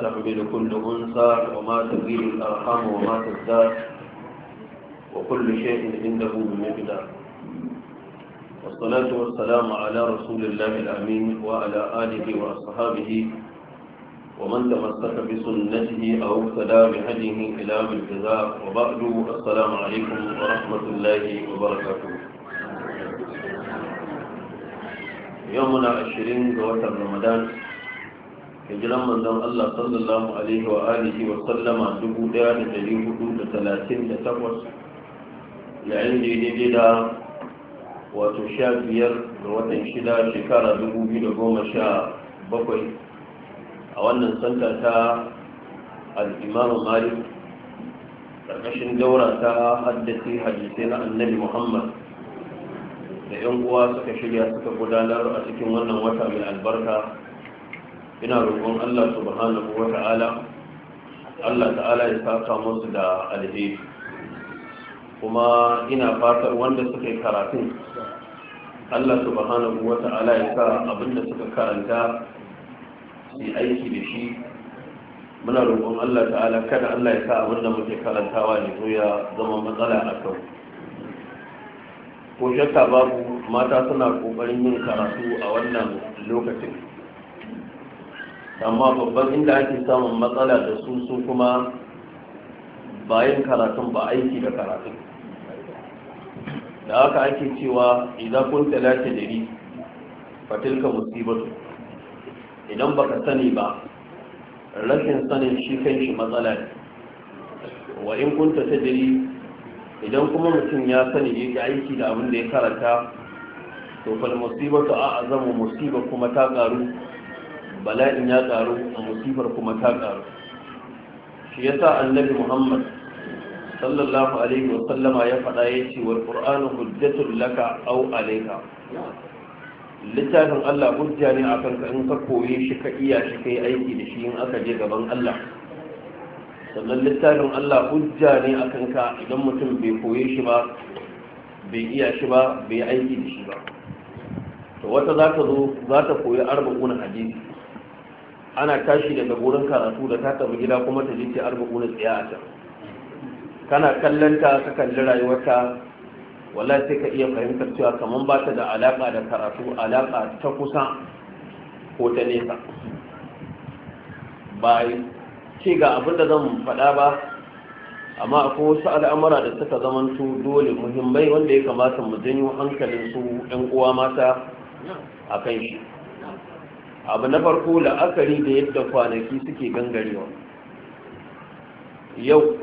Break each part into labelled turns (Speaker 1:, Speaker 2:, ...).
Speaker 1: تحمل كل أنثى وما تزيد الأرحام وما تزداد وكل شيء عنده بمقدار والصلاة والسلام على رسول الله الأمين وعلى آله وأصحابه ومن تمسك بسنته أو اقتدى بهديه إلى بالجزاء وبعد السلام عليكم ورحمة الله وبركاته يومنا عشرين جوة رمضان hijiran manzon Allah sallallahu alaihi wa alihi wa sallama 1438 yayin da daidai da wato sha biyar ga watan shida shekara 2017 a wannan santa ta al'imamu malik ƙarƙashin daura ta haddace hadisai na annabi muhammad da 'yan uwa suka shirya suka gudanar a cikin wannan wata mai albarka ina roƙon Allah subhanahu wa ta'ala Allah ta'ala ya saka musu da alheri kuma ina fatar wanda suka yi karatun Allah subhanahu wa ta'ala ya sa abinda suka karanta su aiki da shi muna roƙon Allah ta'ala kada Allah ya sa abinda muke karantawa ne zo ya zama matsala a kan ko shakka babu mata suna ƙoƙarin yin karatu a wannan lokacin amma babban inda ake samun matsala da su su kuma bayan karatun ba aiki da karatun da haka ake cewa idan kun talata dari fatilka musibatu idan baka sani ba rashin sanin shi kan shi matsala ne wa in kun ta dari idan kuma mutum ya sani ya aiki da abin da ya karanta to fal musibatu a azamu musiba kuma ta karu bala'in ya karu a musifar kuma ta karu shi yasa annabi muhammad sallallahu alaihi wasallama ya faɗa ya ce wa qur'anu hujjatul laka au alayka littafin Allah hujja ne a kanka in ka koye shi ka iya shi kai aiki da shi in aka je gaban Allah sannan littafin Allah hujja ne a kanka idan mutum bai koye shi ba bai iya shi ba bai aiki da shi ba to wata za ta zo za ta koyi arba'una hadisi ana tashi daga gurin karatu da ta tafi gida kuma ta je ta arba'u na tsaya a can kana kallon ta ka kalli rayuwarta wala sai ka iya fahimtar cewa kamar ba ta da alaƙa da karatu alaƙa ta kusa ko ta nesa ba ce ga abin da zan faɗa ba amma akwai wasu al'amura da suka zamanto dole muhimmai wanda ya kamata mu janyo hankalin su 'yan uwa mata a kan shi abu na farko la'akari da yadda kwanaki suke gangarewa yau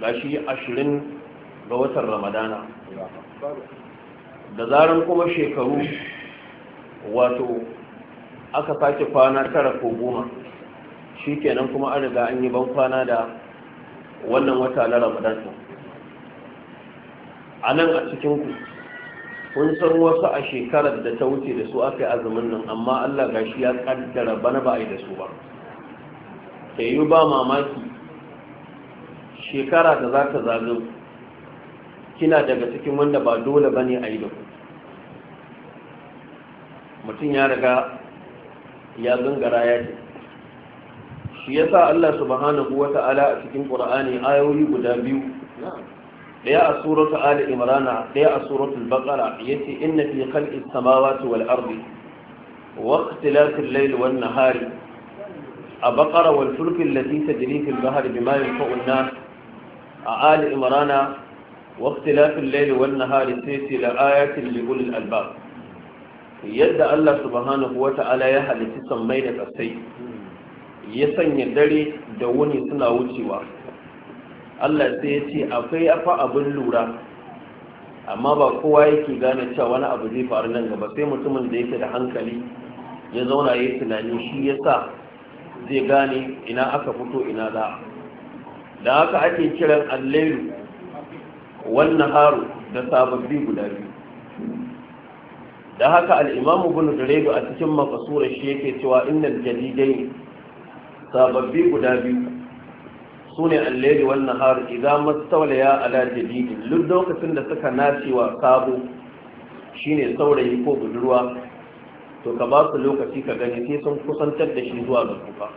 Speaker 1: ga shi ashirin ga watan ramadana da zaran kuma shekaru wato aka sake kwana tara ko goma shi kenan kuma an riga an yi ban kwana da wannan wata na Ramadana. a nan a cikinku kun san wasu a shekarar da ta wuce da su aka yi azumin nan amma allah gashi ya kaddara bana ba a yi da su ba ta yi ba mamaki shekara da za ta zazo kina daga cikin wanda ba dole ba ne a yi da ku mutum ya riga ya gangara ya ce shi ya sa allah subhanahu ta'ala a cikin ƙur'ani ayoyi guda biyu daya a suratu ali imrana daya a suratul baqara yace inna fi khalqis samawati wal ardi wa ikhtilafil layli wan nahari a baqara wal fulki allati tajri fil bahri bima yanfa'u an-nas a ali imrana wa ikhtilafil layli wan nahari sayati la ayatin li ulil albab yadda Allah subhanahu wata'ala ya halitta sammai da kasai ya sanya dare da wuni suna wucewa Allah sai ya ce akwai afa abin lura amma ba kowa yake gane cewa wani abu zai faru nan gaba sai mutumin da yake da hankali ya zauna ya tunani shi ya sa zai gane ina aka fito ina za da haka ake kiran allayu wannan haru da sababbi guda biyu da haka al'imamu da duredu a cikin makasura shi yake cewa inda jadidai sababbi guda biyu sune al wannan wan nahar idza mastawliya ala duk lokacin da suka nacewa wa sabo shine saurayi ko budurwa to ka ba su lokaci ka gani sai sun kusantar da shi zuwa ga kuka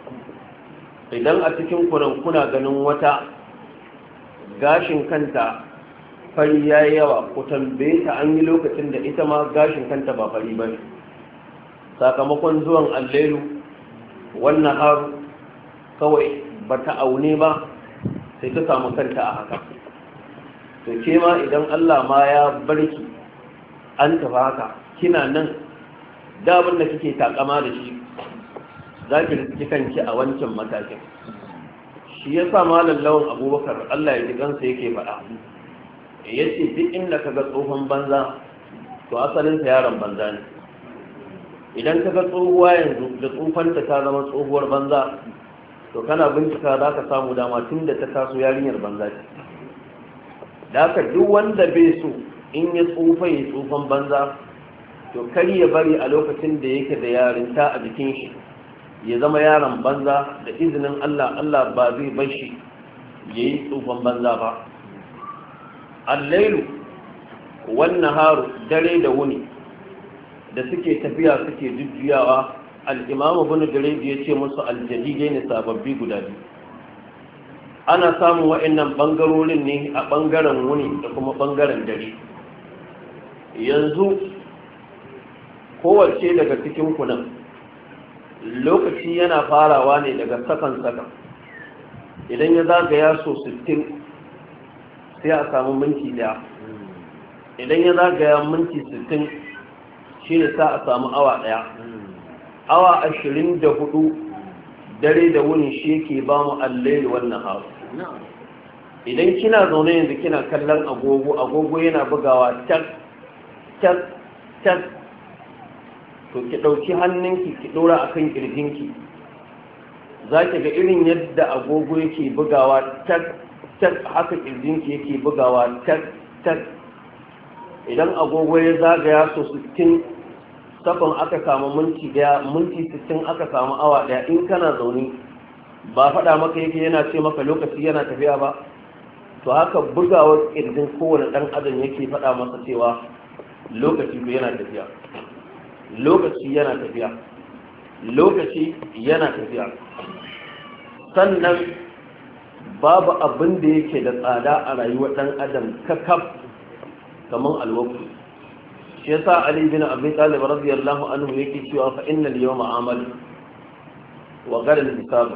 Speaker 1: idan a cikin kuran kuna ganin wata gashin kanta fari ya yi yawa ku tambaye ta an yi lokacin da ita ma gashin kanta ba fari ba sakamakon zuwan allelu wannan har kawai ba ta aune ba sai ta samu kanta a haka to ke ma idan Allah ma ya barki an tafi haka kina nan damin da kike takama da shi za ki kanki a wancan matakin shi ya sa malam lawan abubakar Allah ya ji kansa yake faɗa ya ce duk inda ka ga tsohon banza to asalinsa yaron banza ne idan ka ga tsohuwa yanzu da tsufanta ta zama tsohuwar banza to kana bincika za ka samu dama tun da ta taso yarinyar banza ce da duk wanda bai so in ya tsufa ya tsufan banza to kar ya bari a lokacin da yake da yarinta a jikin shi ya zama yaron banza da izinin Allah Allah ba zai bar shi ya yi tsufan banza ba allailu wannan haru dare da wuni da suke tafiya suke jujjuyawa al'imamu bin direba ya ce musu aljadidai ne sababbi guda biyu ana samun wa'annan ɓangarorin ne a ɓangaren wuni da kuma ɓangaren dare yanzu kowace daga cikin kunan lokaci yana farawa ne daga sakan-sakan idan ya zagaya so 60 sai a samu minti daya idan ya zagaya minti 60 shi ne sa a samu awa daya awa ashirin da hudu dare da wuni shi yake ba mu allai wannan haru idan kina zaune yanzu kina kallon agogo agogo yana bugawa tak tak tak to ki ɗauki hannunki ki ɗora a kan za ki ga irin yadda agogo yake bugawa tak tak haka kirjinki yake bugawa tak tak idan agogo ya zagaya so takwan aka samu minti daya minti sittin aka samu awa daya in kana zaune ba faɗa maka yake yana ce maka lokaci yana tafiya ba to haka bugawar ƙirjin kowane ɗan adam yake faɗa masa cewa lokaci yana tafiya lokaci yana tafiya lokaci yana tafiya sannan babu abin da yake da tsada a rayuwar ɗan adam kakaf kamar alwaku shi yasa ali bin abi talib radiyallahu anhu yake cewa fa innal yawma amal wa ghadan hisab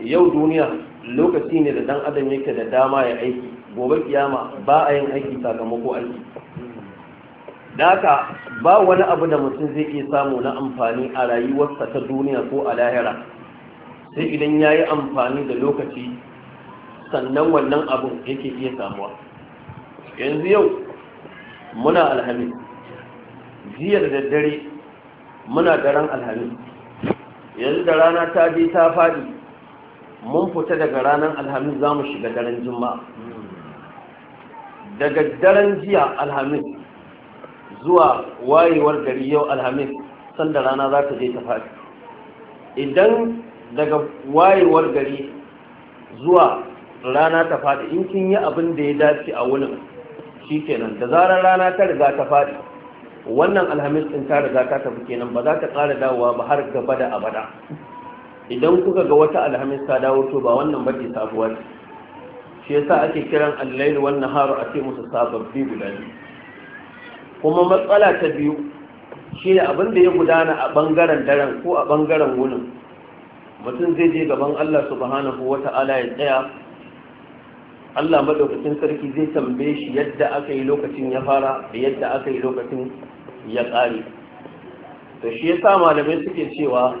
Speaker 1: yau duniya lokaci ne da dan adam yake da dama ya aiki gobe kiyama ba a yin aiki sakamako aiki daka ba wani abu da mutum zai iya samu na amfani a rayuwarsa ta duniya ko a lahira sai idan ya yi amfani da lokaci sannan wannan abu yake iya samuwa yanzu yau muna alhamis jiya da daddare muna daren alhamis yanzu da rana ta je ta faɗi mun fita daga ranar alhamis za mu shiga daren juma daga daren jiya alhamis zuwa wayewar gari yau alhamis sanda rana za ta je ta faɗi idan daga wayewar gari zuwa rana ta faɗi in kin yi abin da ya dace a wurin shi kenan da zarar rana ta riga ta faɗi wannan alhamis ɗin ta riga ta tafi kenan ba za ta ƙara dawowa ba har gaba da abada idan kuka ga wata alhamis ta dawo to ba wannan bace sabuwa ce shi yasa ake kiran al-lail wan nahar a ce musu sababbi guda kuma matsala ta biyu shi ne abin da ya gudana a bangaren daren ko a bangaren wunin mutum zai je gaban Allah subhanahu ta'ala ya tsaya Allah madaukakin sarki zai tambaye shi yadda aka yi lokacin ya fara da yadda aka yi lokacin ya ƙare da shi ya sa malamai suke cewa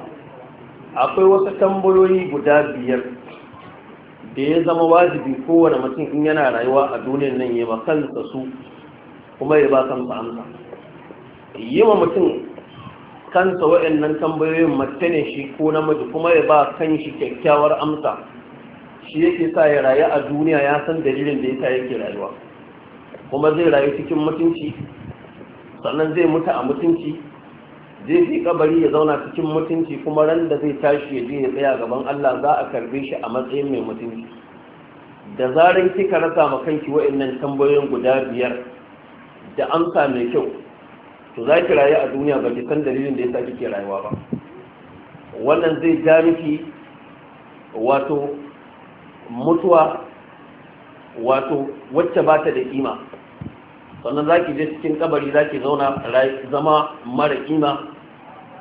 Speaker 1: akwai wasu tambayoyi guda biyar da ya zama wajibi kowane mutum in yana rayuwa a duniyar nan ya kansa su kuma ya ba kansa amsa yi ma mutum kansa waɗannan tambayoyin mace shi ko namiji kuma ya ba kan shi kyakkyawar amsa shi yake sa ya rayu a duniya ya san dalilin da yasa yake rayuwa kuma zai rayu cikin mutunci sannan zai mutu a mutunci zai fi kabari ya zauna cikin mutunci kuma ran da zai tashi ya je ya tsaya gaban Allah za a karbe shi a matsayin mai mutunci da zarar kika rasa ma kanki wa'annan tambayoyin guda biyar da amsa mai kyau to za ki rayu a duniya ba ki san dalilin da yasa kike rayuwa ba wannan zai ja miki wato mutuwa wato wacce ba ta da kima sannan za ki je cikin kabari za ki zauna zama mara ƙima?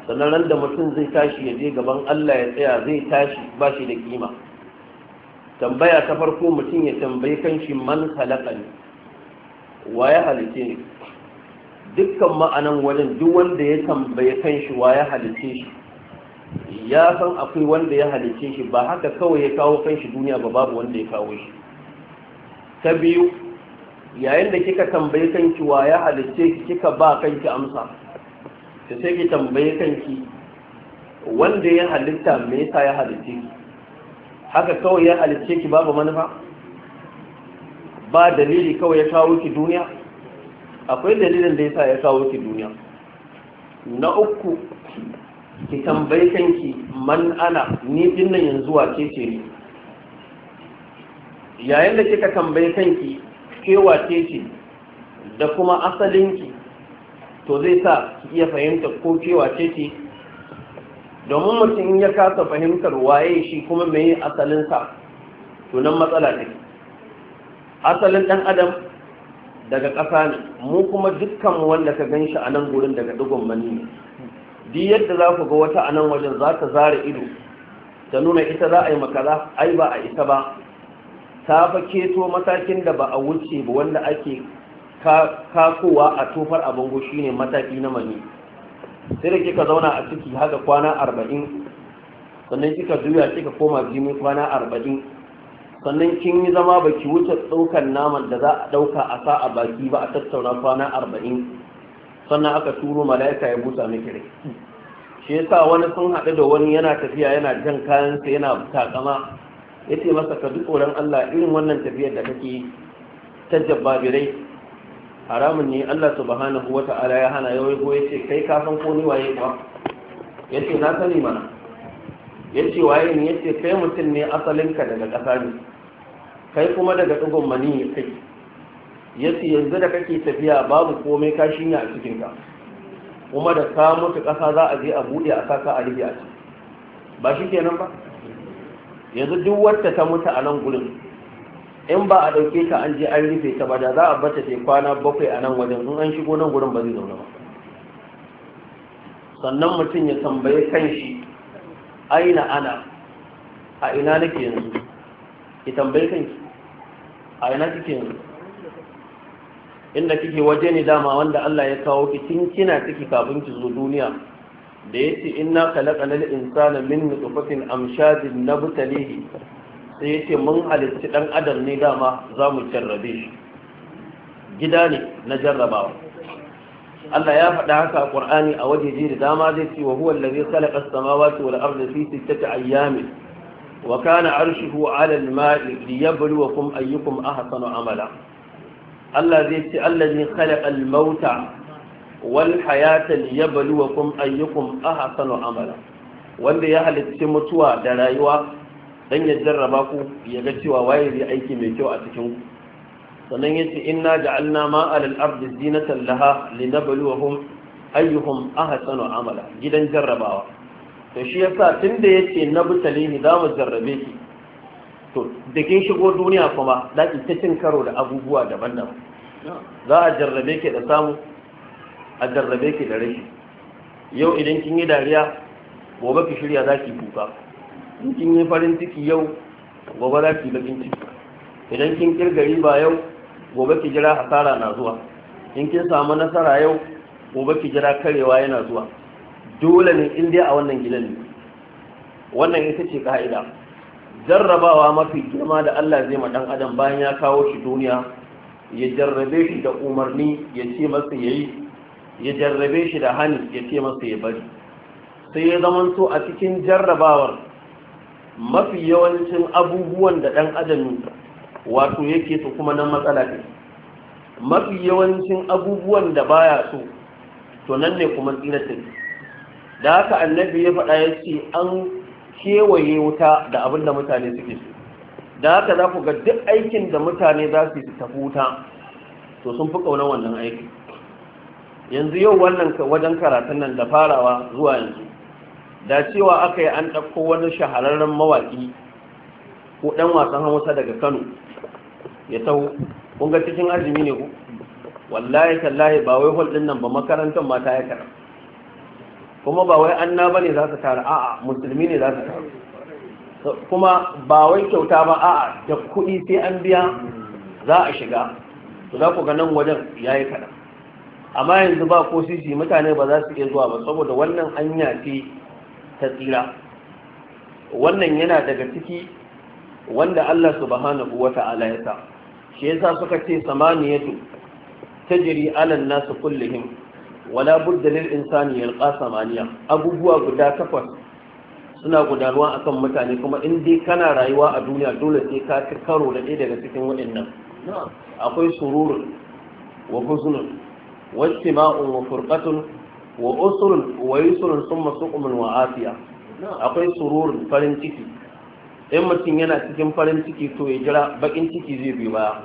Speaker 1: sannan ran da mutum zai tashi ya je gaban Allah ya tsaya zai tashi ba shi da ƙima. tambaya ta farko mutum ya tambayi kanshi man halaka ne wa ya halice ne dukkan ma'anan wajen duk wanda ya tambaye kanshi wa ya halice shi ya san akwai wanda ya halice shi ba haka kawai ya kawo kanshi duniya ba babu wanda ya kawo shi ta biyu yayin da kika tambayi kanki wa ya halicce ki kika ba kanki amsa ta sai ki tambayi kanki wanda ya halitta me yasa ya halicce ki haka kawai ya halicce ki babu manufa ba dalili kawai ya kawo ki duniya akwai dalilin da yasa ya kawo ki duniya na uku ki tambayi kanki man ana ni dinnan yanzu wace ce ni yayin da kika tambayi kanki kewa ce da kuma asalinki to zai sa ki iya fahimta ko kewa ce domin mutum ya kasa fahimtar waye shi kuma mai asalinsa tunan matsala ne asalin ɗan adam daga ƙasa ne mu kuma dukkan wanda ka gan shi a nan gurin daga dugon mani ne di yadda za ku ga wata a nan wajen za ta zara ido ta nuna ita za a yi makara ai ba a ita ba ta fa keto matakin da ba a wuce ba wanda ake kakowa a tofar abin goshi ne mataki na mani sai da kika zauna a ciki haka kwana arba'in sannan kika juya kika koma jini kwana arba'in sannan kin yi zama ba ki wuce tsaukan naman da za a ɗauka a sa a baki ba a tattauna kwana arba'in sannan aka turo mala'ika ya busa miki rai shi yasa wani sun haɗu da wani yana tafiya yana jan kayansa yana takama ya ce masa ka duk tsoron Allah irin wannan tafiyar da kake ta jabbabirai haramun ne Allah subhanahu wa ta'ala ya hana yawai, ko ya ce kai kafin ko ni waye kuwa ya ce na sani mana ya ce waye ne ya ce kai mutum ne asalinka daga ƙasa ne kai kuma daga ɗigon mani ya kai ya ce yanzu da kake tafiya babu komai ka shinya a cikinka kuma da ka mutu ƙasa za a je a buɗe a saka a rufe a ba shi kenan ba yanzu duk wata ta mutu a nan gurin in ba a ɗauke ta an je an rufe ta ba da za a bata ta kwana bakwai a nan wajen in an shigo nan gurin ba zai zauna ba sannan mutum ya tambaye kanshi aina ana a ina nake yanzu ki tambaye kanki a ina kike yanzu inda kike waje ne dama wanda Allah ya kawo ki tun kina ciki kafin ki zo duniya da ya ce inna kalakana insana min nutfatin na nabtalihi sai ya ce mun halitti dan adam ne dama za mu jarrabe shi gida ne na jarrabawa Allah ya faɗa haka a Qur'ani a wajeje da dama zai ce wa huwa allazi khalaqa as-samawati wal arda fi sittati ayyamin wa kana arshuhu 'ala al-ma'i liyabluwakum ayyukum ahsanu amala Allah zai ce allazi khalaqa al-mauta wal hayata liyabluwakum ayyukum ahsanu amala wanda ya halicci mutuwa da rayuwa don ya jarraba ku ya ga cewa waye zai aiki mai kyau a cikin ku sannan yace inna ja'alna ma alal ardi zinatan laha linabluwahum ayyuhum ahsanu amala gidan jarrabawa to shi ya tunda yace nabtali ni za mu jarrabe ki to da kin shigo duniya kuma da ta cin karo da abubuwa daban-daban za a jarrabe ki da samu a jarrabe ki da rashi yau idan kin yi dariya gobe ki shirya za ki kuka in kin yi farin ciki yau gobe za ki bakin ciki idan kin kirgari riba yau gobe ki jira asara na zuwa in kin samu nasara yau gobe ki jira karewa yana zuwa dole ne in dai a wannan gidan ne wannan ita ce ka'ida jarrabawa mafi girma da Allah zai ma dan adam bayan ya kawo shi duniya ya jarrabe shi da umarni ya ce masa yayi ya jarrabe shi da hannu ya ce masa ya bari sai ya so a cikin jarrabawar mafi yawancin abubuwan da ɗan adam wato yake su kuma nan matsala ne mafi yawancin abubuwan da baya so to nan ne kuma tsiratin da haka annabi ya faɗa ya ce an kewaye wuta da abin da mutane suke su, da haka za ku ga duk aikin da mutane za su tafi wuta to sun fi ƙaunar wannan aiki yanzu yau wannan wajen karatun nan da farawa zuwa yanzu da cewa aka yi an ɗauko wani shahararren mawaƙi ko ɗan wasan hausa daga kano ya taho kun ga cikin azumi ne ku wallahi tallahi ba wai hol nan ba makarantar mata ya kara kuma ba wai anna ba ne za su tara a'a musulmi ne za su tara kuma ba wai kyauta ba a'a da kuɗi sai an biya za a shiga to za ku ga nan wajen ya yi kaɗan amma yanzu ba ko sisi mutane ba za su iya zuwa ba saboda wannan hanya ce ta tsira wannan yana daga ciki wanda Allah subhanahu wa ta'ala ya sa shi yasa suka ce samaniyatu tajri ala an-nas kullihim wala budda lil insani yalqa samaniya abubuwa guda takwas suna gudanarwa akan mutane kuma in dai kana rayuwa a duniya dole sai ka ci karo da daga cikin waɗannan akwai sururun wa huzunun واجتماع وفرقة وأسر ويسر ثم سقم وعافية أقول سرور فلنتكي in mutum yana cikin farin ciki to ya jira bakin ciki zai bi baya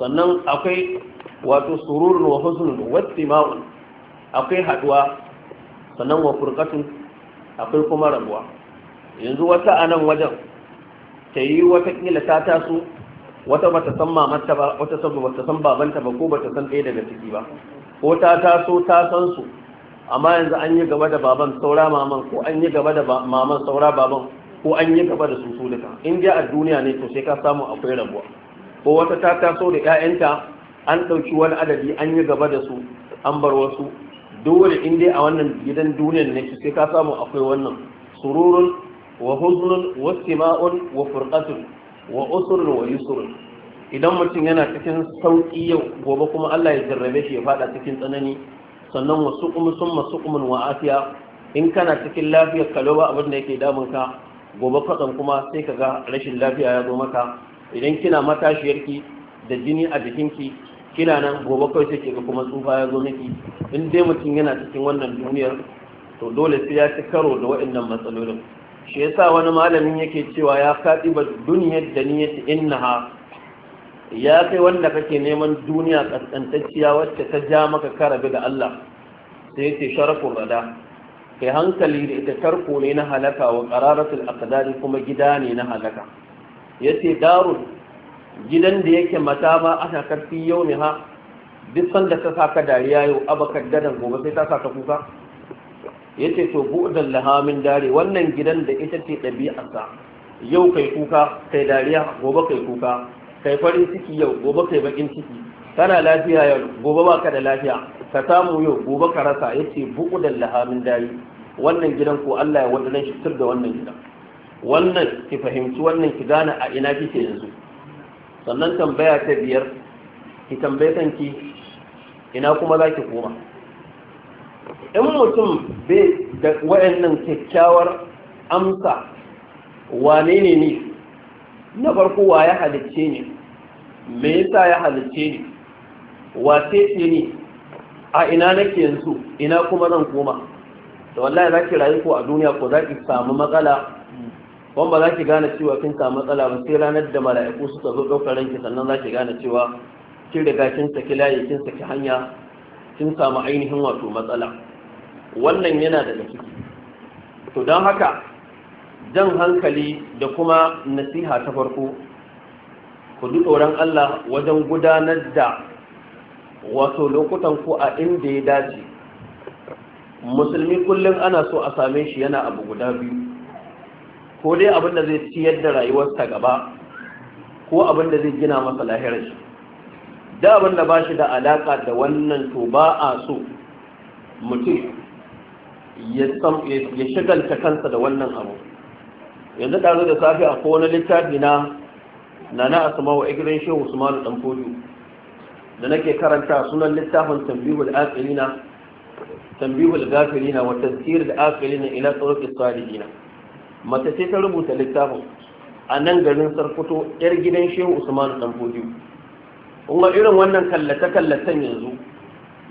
Speaker 1: sannan akwai wato sururun wa husnun wattima'un akwai haduwa sannan wa furqatun akwai kuma rabuwa yanzu wata a nan wajen ta yi watakila ta taso wata bata san mamarta ba wata san bata san babanta ba ko bata san ɗaya daga ciki ba ko ta taso ta san su amma yanzu an yi gaba da baban saura maman ko an yi gaba da maman saura baban ko an yi gaba da su duka in dai a duniya ne to sai ka samu akwai rabuwa ko wata ta taso da ƴaƴanta an ɗauki wani adadi an yi gaba da su an bar wasu dole in dai a wannan gidan duniyar ne sai ka samu akwai wannan sururun wa huzunun wa sima'un wa furqatun wa usrun wa yusrun idan mutum yana cikin sauki yau gobe kuma Allah ya jarrabe shi ya fada cikin tsanani sannan wa sun summa suqumun wa afiya in kana cikin lafiyar kaloba abin da yake damunka ka gobe kwatsam kuma sai ka ga rashin lafiya ya zo maka idan kina matashiyarki da jini a jikinki kina nan gobe kawai sai ga kuma tsufa ya zo miki in dai mutum yana cikin wannan duniyar to dole sai ya ci karo da waɗannan matsalolin shi yasa wani malamin yake cewa ya kaɗi ba duniyar da niyyar innaha ya kai wanda kake neman duniya kaskantacciya wacce ta ja maka karabi da Allah sai ce sharafin rada kai hankali da ita tarko ne na halaka wa qararatul aqdari kuma gida ne na halaka yace darun gidan da yake mata ba ana karfi yau ne ha duk sanda ta saka dariya yau abakar gobe sai ta saka kuka yace to bu'dan da lahamin dari wannan gidan da ita ce ɗabi'arsa yau kai kuka kai dariya gobe kai kuka kai farin ciki yau gobe kai bakin ciki kana lafiya yau gobe ba ka da lafiya ka samu yau gobe ka rasa yace bu'dan da lahamin dari wannan gidan ko Allah ya wadannan shi tur da wannan gidan wannan ki fahimci wannan ki gane a ina kike yanzu sannan tambaya ta biyar ki tambaye kanki ina kuma za ki koma in mutum bai da wayannan kyakkyawar amsa wane ne ne na farko wa ya halicce ni me yasa ya halicce ni wa ce ni a ina nake yanzu ina kuma zan koma da wallahi za ki rayu ko a duniya ko za ki samu matsala wani ba za ki gane cewa kin samu matsala ba sai ranar da mala'iku suka zo ɗaukar ranki sannan za ki gane cewa kin riga kin saki layi kin saki hanya kin samu ainihin wato matsala wannan yana da ciki to don haka jan hankali da kuma nasiha ta farko ku ji tsoron Allah wajen gudanar da wato lokutan ku a inda ya dace musulmi kullum ana so a same shi yana abu guda biyu ko dai abin da zai ciyar da rayuwarsa gaba ko abin da zai gina masa lahirar shi da abin da ba shi da alaka da wannan to ba a so mutum ya shagalta kansa da wannan abu yanzu ɗazu da safe a kowane littafi na na na asama wa igirin shehu su dan fojo da nake karanta sunan littafin tambihul aqilina tambihul gafilina wa tazkir al aqilina ila turuq salihina mata ce ta rubuta littafin a nan garin sarkuto yar gidan shehu usmanu dan kuma irin wannan kallata kallatan yanzu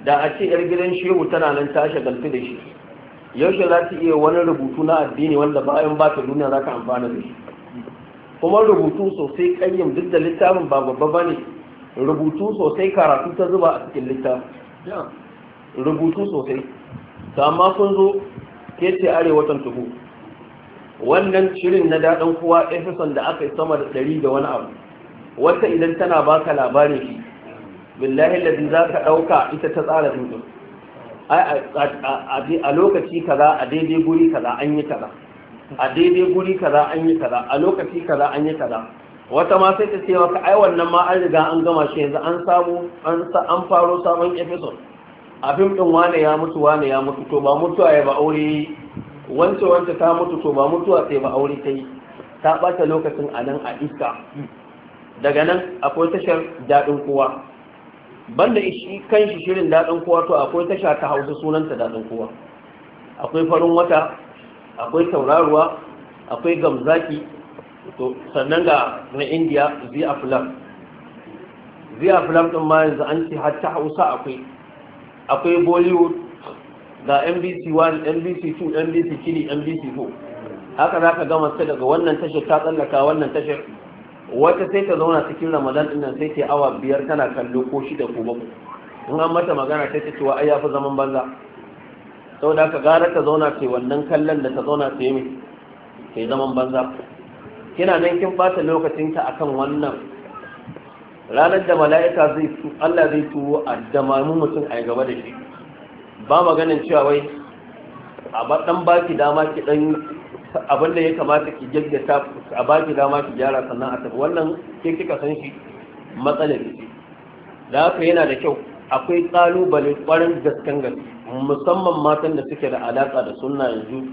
Speaker 1: da a ce yar gidan shehu tana nan ta shagalfi da shi yaushe za ta iya wani rubutu na addini wanda bayan ba ta duniya za ka amfana da shi kuma rubutu sosai kayyam duk da littafin ba babba ba ne rubutu sosai karatu ta zuba a cikin littafin rubutu sosai ta amma kun zo ke ce arewatan tuhu wannan shirin na daɗin kuwa efeson da aka yi sama da ɗari da wani abu wata idan tana baka labarin shi billahi ladin za ka ɗauka ita ta tsara tuntun a lokaci kaza a daidai guri kaza an yi kaza a daidai guri kaza an yi kaza a lokaci kaza an yi kaza wata ma sai ta ce maka ai wannan ma an riga an gama shi yanzu an samu an an faro sabon episode a fim din wane ya mutu wane ya mutu to ba mutuwa ya ba aure wance wance ta mutu to ba mutuwa sai ba aure kai ta bata lokacin a nan a iska daga nan akwai tashar daɗin kowa banda shi shi shirin daɗin kowa to akwai tasha ta hausa sunanta daɗin kowa akwai farin wata akwai tauraruwa akwai gamzaki to sannan ga na indiya zia fulam zia fulam ɗin ma yanzu an ce hatta hausa akwai akwai bollywood ga mbc 1 mbc 2 mbc 3 mbc 4 haka za ka gama daga wannan tashar ta tsallaka wannan tashar wata sai ta zauna cikin ramadan din nan sai ta awa biyar tana kallo ko shida ko bakwai in an mata magana ta ce cewa ai yafi zaman banza saboda ka gara ta zauna ce wannan kallon da ta zauna ce mai ta zaman banza kina nan kin bata lokacinta akan wannan ranar da mala'ika zai Allah zai turo a damamu mutum a gaba da shi ba maganin cewa wai a dan baki dama ki dan abin da ya kamata ki jaddata a baki dama ki gyara sannan a tafi wannan ke kika san shi matsalar ce da haka yana da kyau akwai kalubale kwarin gaskan gaske musamman matan da suke da alaka da sunna yanzu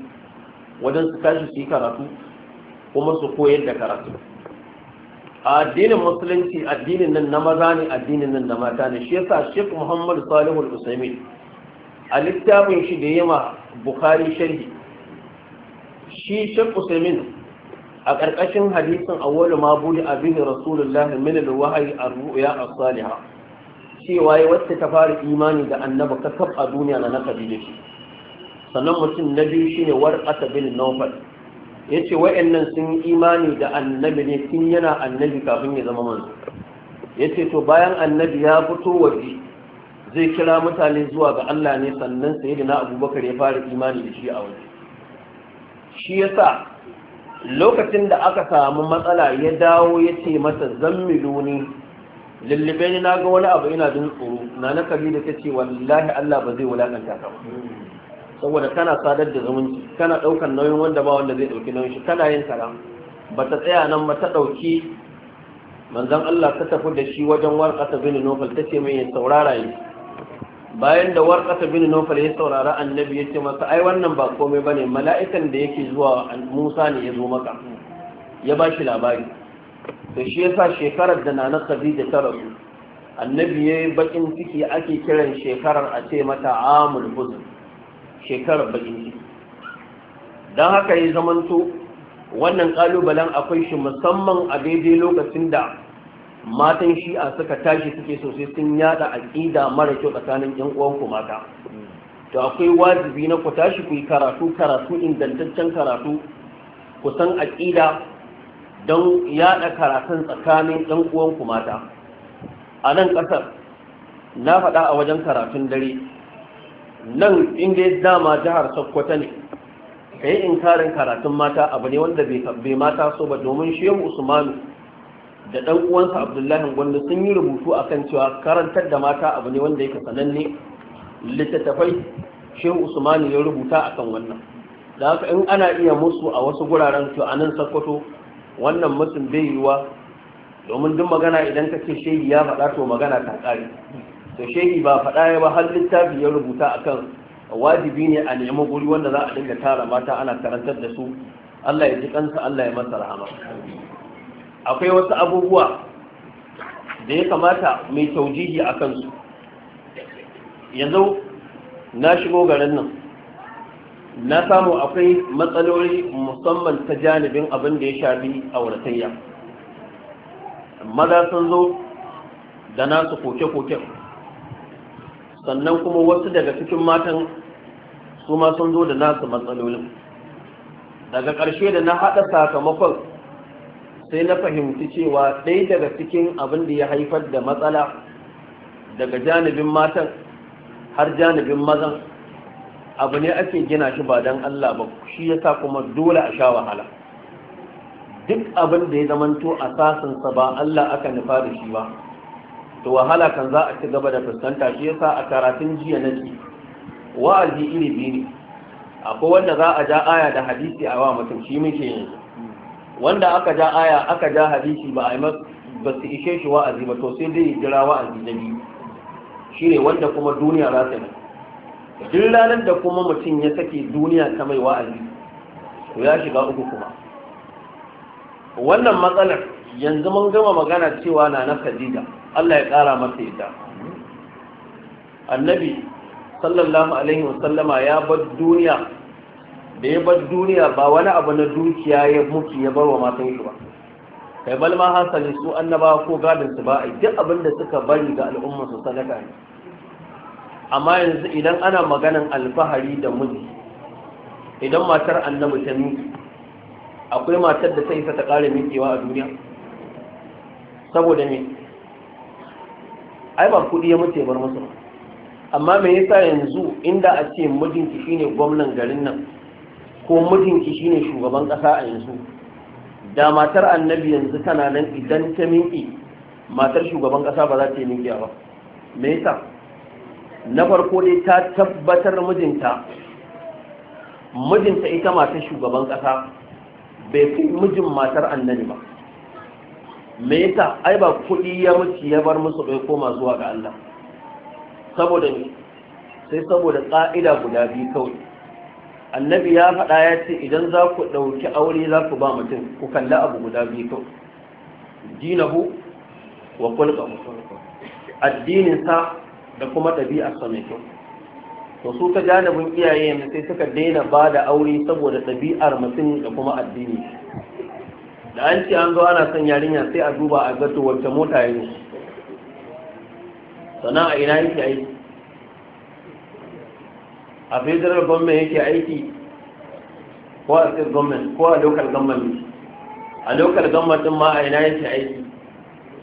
Speaker 1: wajen su tashi su yi karatu kuma su koyar da karatu A addinin musulunci addinin nan na maza ne addinin nan da mata ne shi yasa shek muhammadu Salihu Al-Usaimi a littafin shi da yama Bukhari sharhi shi shek usaimin a ƙarƙashin hadisin awwalu ma buli abin rasulullah wahayi a arru'ya a salihah cewa ya wacce ta fara imani da annaba ka kaf a duniya na naka shi sannan mutum na biyu shine warqata bin ya ce wayannan sun imani da annabi ne tun yana annabi kafin ya zama manzo yace to bayan annabi ya fito waje zai kira mutane zuwa ga Allah ne sannan na Abubakar ya fara imani da shi a waje shi ya sa lokacin da aka samu matsala ya dawo ya ce masa zammiluni lullube ni na ga wani abu ina jin tsoro na na kabi da ta ce wallahi Allah ba zai wulakanta ka saboda kana sadar da zumunci kana ɗaukar nauyin wanda ba wanda zai ɗauki nauyin shi kana yin karam ba ta tsaya nan ba ta ɗauki manzon Allah ta tafi da shi wajen warƙata bin nufal ta ce mai saurara yi bayan da warqata bin nufal ya saurara annabi ya ce masa ai wannan ba komai ba ne. mala'ikan da yake zuwa Musa ne ya zo maka ya ba shi labari Da shi yasa shekarar da na nana da ta rasu annabi ya yi bakin ciki ake kiran shekarar a ce mata amul buzu shekarar bakin ciki Don haka ya zamanto wannan kalubalen akwai shi musamman a daidai lokacin da matan shi'a suka tashi suke sosai sun yada aqida mara kyau tsakanin yan uwan ku mata to akwai wajibi na ku tashi ku yi karatu karatu ingantaccen karatu ku san aqida don yada karatun tsakanin yan uwan ku mata a nan kasar na faɗa a wajen karatun dare nan inda dama jihar sokoto ne kai inkarin karatun mata abu ne wanda bai mata so ba domin shehu usmanu da ɗan uwansa abdullahi gwanda sun yi rubutu a kan cewa karantar da mata abu ne wanda yake sananne littattafai shehu usmani ya rubuta a kan wannan da haka in ana iya musu a wasu guraren to a nan sakkwato wannan mutum bai yiwa domin duk magana idan ka ce shehi ya faɗa to magana ta ƙare to shehi ba faɗa ya ba har littafi ya rubuta a akan wajibi ne a nemi guri wanda za a dinga tara mata ana karantar da su Allah ya ji kansa Allah ya masa rahama akwai wasu abubuwa da ya kamata mai taujihi a kansu yanzu na shigo garin nan na samu akwai matsaloli musamman ta janibin abin da ya shafi auratayya maza sun zo da nasu koke-koke sannan kuma wasu daga cikin matan su ma sun zo da nasu matsalolin daga ƙarshe da na haɗa sakamakon sai na fahimci cewa ɗaya daga cikin abin da ya haifar da matsala daga janibin matan har janibin mazan abu ne ake gina shi ba don Allah ba shi ya sa kuma dole a sha wahala duk abin da ya zamanto a sasinsa ba Allah aka nufa da shi ba to wahala kan za a ci gaba da fuskanta shi ya sa a karatun jiya na ji wa'azi iri biyu ne akwai wanda za a ja aya da hadisi a wa mutum shi muke yanzu wanda aka ja aya aka ja hadisi ba a ba su ishe shi wa'azi ba to sai dai jira wa'azi da biyu ne wanda kuma duniya za ta
Speaker 2: yi.
Speaker 1: ranar da kuma mutum ya sake duniya ta mai wa'azi to ya shiga uku kuma wannan matsalar yanzu mun gama magana cewa na na Khadija Allah ya kara masa yadda annabi sallallahu alaihi wasallama ya bar duniya da ya bar duniya ba wani abu na dukiya ya mutu ya bar wa matan shi ba kai bal ma hasali su annaba ko gadin su ba ai duk abin da suka bari ga al'umma su sadaka ne amma yanzu idan ana maganan alfahari da miji idan matar annabi ta miki akwai matar da ta isa ta kare mikewa a duniya saboda me ai ba kudi ya mutu ya bar musu amma me yasa yanzu inda a ce mijinki shine gwamnan garin nan ko mijinki shine shugaban kasa a yanzu da matar annabi yanzu tana nan idan ta miki matar shugaban ƙasa ba za ta yi minki ba me yasa na farko dai ta tabbatar mijinta mijinta ita matar shugaban ƙasa bai fi mijin matar annabi ba me yasa ai ba kuɗi ya mutu ya bar musu bai koma zuwa ga Allah saboda sai saboda ƙa'ida guda biyu kawai annabi ya faɗa ya ce idan za ku ɗauki aure za ku ba mutum ku kalli abu guda biyu kawai dinahu wa kulka addininsa da kuma sa mai kyau to su ta janibin iyaye mu sai suka daina ba da aure saboda ɗabi'ar mutum da kuma addini da an ce an zo ana son yarinya sai a duba a to wacce mota ya yi Sana'a ina yake aiki a federal government yake aiki ko a state government ko a local government a local government din ma a ina yake aiki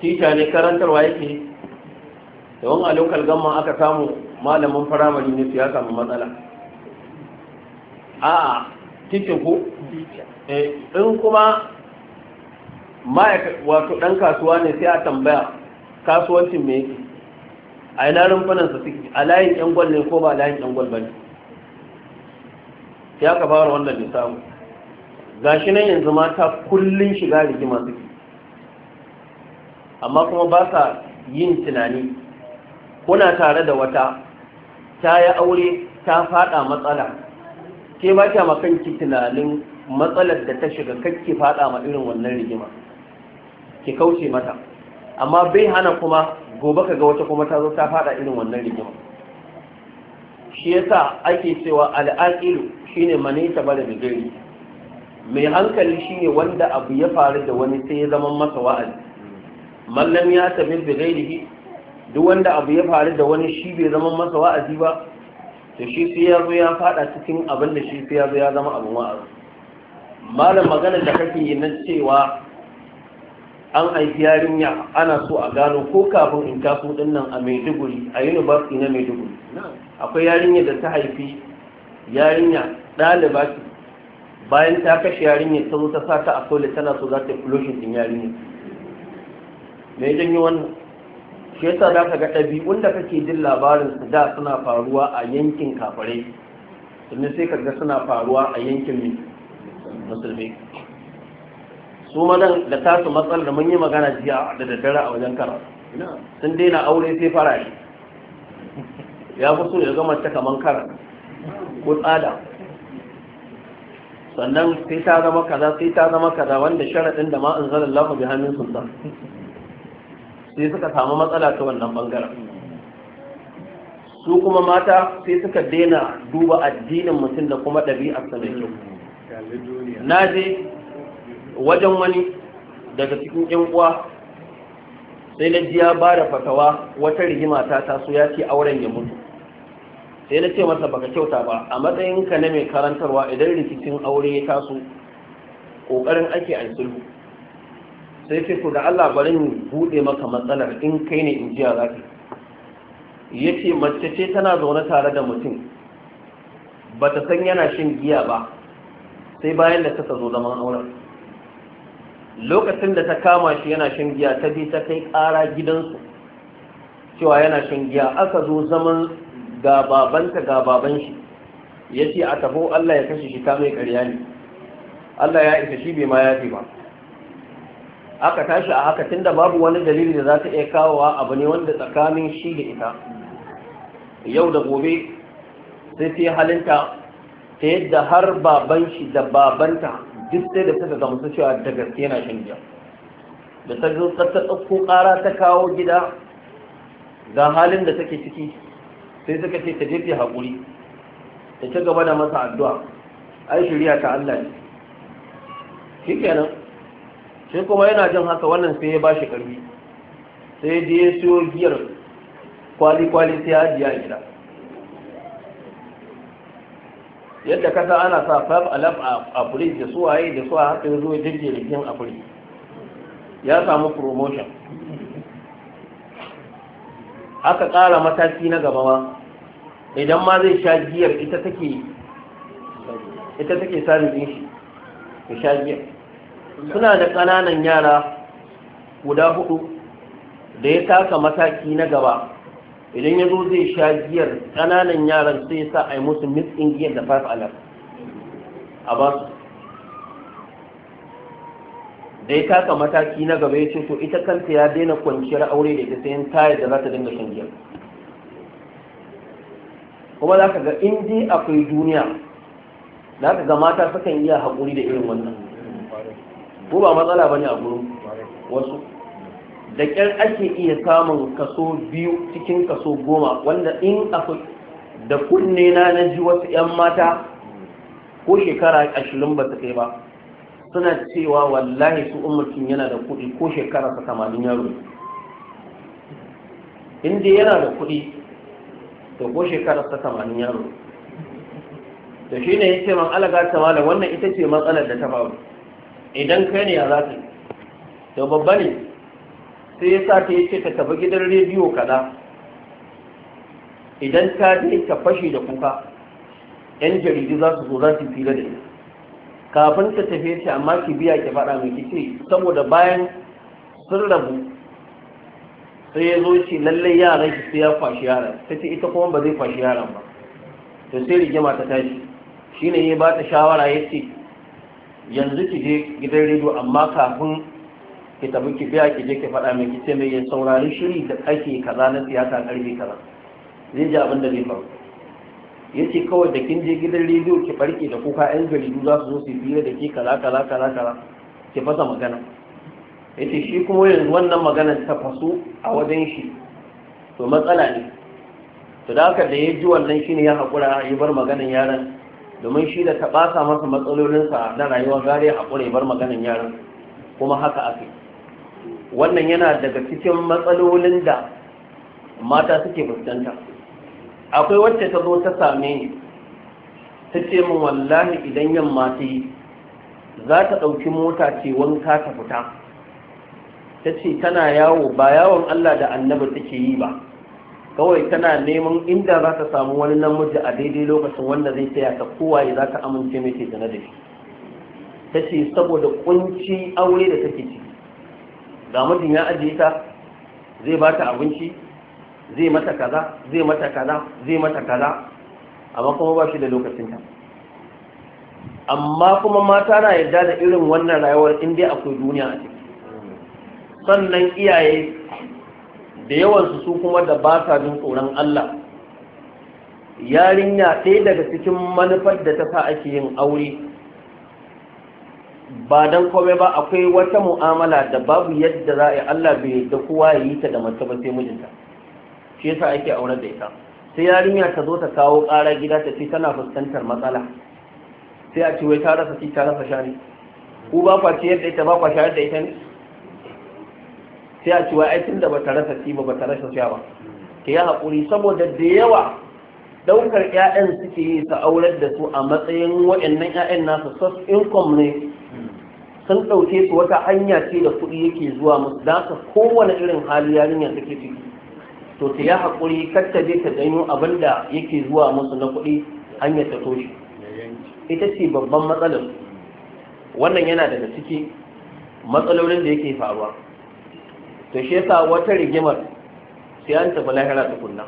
Speaker 1: tita ne karantarwa yake don a local government aka samu malamin firamare ne su ya samu matsala a titin ko eh, in kuma wato ɗan kasuwa ne sai a tambaya kasuwancin me yake a ina rumfunansa suke a layin yan gwal ne ko ba layin yan gwal ba ne ya ka fara wannan lissafi gashi nan yanzu mata kullun shiga rigima suke amma kuma ba sa yin tunani kuna tare da wata ta yi aure ta fada matsala ke ba kya makanki tunanin matsalar da ta shiga kakki fada ma irin wannan rigima ki kauce mata amma bai hana kuma gobe ka ga wata kuma ta zo ta fada irin wannan rigima shi yasa ake cewa al'aqilu shine manita bala da gari mai hankali shine wanda abu ya faru da wani sai ya zama masa wa'azi mallam ya tabi bi ghairihi duk wanda abu ya faru da wani shi bai zama masa wa'azi ba to shi sai ya zo ya fada cikin abin da shi sai ya zo ya zama abin wa'azi malam magana da kake yi na cewa an aiki yarinya ana so a gano ko kafin in taso din nan a maiduguri a university na maiduguri akwai yarinya da ta haifi yarinya ɗaliba ce bayan ta kashe yarinya ta zo ta sa ta a sole tana so za ta fulushin din yarinya me janyo wannan shi yasa za ka ga ɗabi'un da kake jin labarin su da suna faruwa a yankin kafarai sannan sai ka ga suna faruwa a yankin musulmi su manan da tasu matsalar mun yi magana jiya da daddare a wajen kara sun daina aure sai farashi ya fi so ya gama ta kaman kara ko tsada sannan sai ta zama kaza sai ta zama kaza wanda sharaɗin da ma'an zanen lafa bi hannun zan sai suka samu matsala ta wannan bangaren su kuma mata sai suka daina duba addinin mutum da kuma ɗabi'arsa mai kyau na je wajen wani daga cikin yan uwa sai na ji ya ba da fatawa wata rigima ta taso ya ce auren ya mutu sai na ce masa baka kyauta ba a matsayinka na mai karantarwa idan rikicin aure ya taso ƙoƙarin ake a sulhu sai ce to da Allah bari mu buɗe maka matsalar in kai ne in jiya za ka ya ce mace ce tana zaune tare da mutum ba ta san yana shan giya ba sai bayan da ta zo zaman auren lokacin da ta kama shi yana shan giya ta bi ta kai ƙara gidansu cewa yana shan giya aka zo zaman ga babanta ga shi ya ce a tafo Allah ya kashe shi ta mai ƙarya ne Allah ya isa shi bai ma fi ba aka tashi a haka tunda babu wani dalili da za ta iya kawowa abu ne wanda tsakanin shi da ita yau da gobe sai ta halinta ta yadda har baban da babanta duk sai da suka gamsu cewa da gaske yana shan giya da ta zo ta ɗauko ƙara ta kawo gida ga halin da take ciki sai suka ce ta jefe haƙuri ta gaba da masa addu'a ai shirya ta Allah ne shi kenan shi kuma yana jin haka wannan sai ya ba shi ƙarfi sai ya ya siyo giyar kwali-kwali sai ya ajiya gida yadda kasa ana sa fab alaf a fulis da suwaye da suwa haka ya zo ya jirge a fulis ya samu promotion aka ƙara mataki na gaba ma idan ma zai sha giyar ita take ita take sarrafin shi ya sha giyar suna da ƙananan yara guda hudu da ya taka mataki na gaba idan ya zo zai sha giyar ƙananan yaran sai sa a yi musu mitsin giyar da five alarm a ba su da ya taka mataki na gaba ya ce to ita kanta ya daina kwanciyar aure da ita yin tayar da za ta dinga shan giyar kuma za ka ga in dai akwai duniya za ka ga mata sukan iya haƙuri da irin wannan ko ba matsala ba ne a gurin wasu da ƙyar ake iya samun kaso biyu cikin kaso goma wanda in akwai da kunne na na ji wasu 'yan mata ko shekara ashirin ba su kai ba suna cewa wallahi su umarcin yana da kuɗi ko shekara ta tamanin yaro inda yana da kuɗi da ko shekara ta tamanin yaro da shi ne ya ce man alaga ta malam wannan ita ce matsalar da ta faru idan kai ne ya za ta yi to babba ne sai ya sa ta ce ta tafi gidan rediyo kaza idan ta je ta fashe da kuka yan jaridu za su zo za su fila da ita kafin ta tafi ce amma ki biya ki faɗa mai kice saboda bayan sun rabu sai ya zo ce lallai yaran ki sai ya kwashi yaran ta ce ita kuma ba zai kwashi yaran ba to sai rigima ta tashi shine ya ba ta shawara ya ce yanzu ki je gidan rediyo amma kafin ki tafi ki biya ki je ki faɗa mai kice mai yin saurari shiri da ake kaza na siyasa karfe kaza zai ji abin da zai faru ya ce kawai da kin je gidan rediyo ki farke da kuka yan jaridu za su zo su fira da ke kaza kaza kaza kaza ki fasa magana ya ce shi kuma yanzu wannan magana ta faso a wajen shi to matsala ne to da haka da ya ji wannan shi ne ya haƙura ya bar maganan yaran domin shi da ta ɓasa masa matsalolinsa na rayuwa gare haƙura ya bar maganan yaran kuma haka ake wannan yana daga cikin matsalolin da mata suke fuskanta akwai wacce ta zo ta same ni ta ce min wallahi idan yamma ta yi za ta ɗauki mota ce wanka ta fita ta ce tana yawo ba yawon Allah da annabi take yi ba kawai tana neman inda za ta samu wani namiji a daidai lokacin wanda zai taya ta kowaye za ta amince mai ke da shi ta ce saboda kunci aure da take ciki ga mutum ya ajiye ta zai ba ta abinci zai mata kaza zai mata kaza zai mata kaza amma kuma ba shi da lokacinta amma kuma mata na yarda da irin wannan rayuwar inda akwai duniya a ciki sannan iyaye da yawansu su kuma da ba sa jin tsoron Allah yarinya ɗaya daga cikin manufar da ta sa ake yin aure ba dan komai ba akwai wata mu'amala da babu yadda za a yi Allah bai da kowa ya yi ta da mace ba sai mijinta shi yasa ake aure da ita sai yarinya ta zo ta kawo ƙara gida ta ce tana fuskantar matsala sai a ce wai ta rasa ci ta rasa shari. ku ba kwa ciyar yadda ita ba kwa shayar da ita ne sai a ce wai ai tunda bata rasa ci ba bata rasa shi ba ke yi haƙuri saboda da yawa ɗaukar 'ya'yan suke yi ta aurar da su a matsayin waɗannan 'ya'yan nasu source income ne sun ɗauke su wata hanya ce da kuɗi yake zuwa musu da haka kowane irin hali yarinya suke ciki to ta ya haƙuri kacce dai ta janyo abin da yake zuwa musu na kuɗi hanyar ta toshe ita ce babban matsalar wannan yana daga ciki matsalolin da yake faruwa to shi yasa wata rigimar sai an tafi lahira tukunna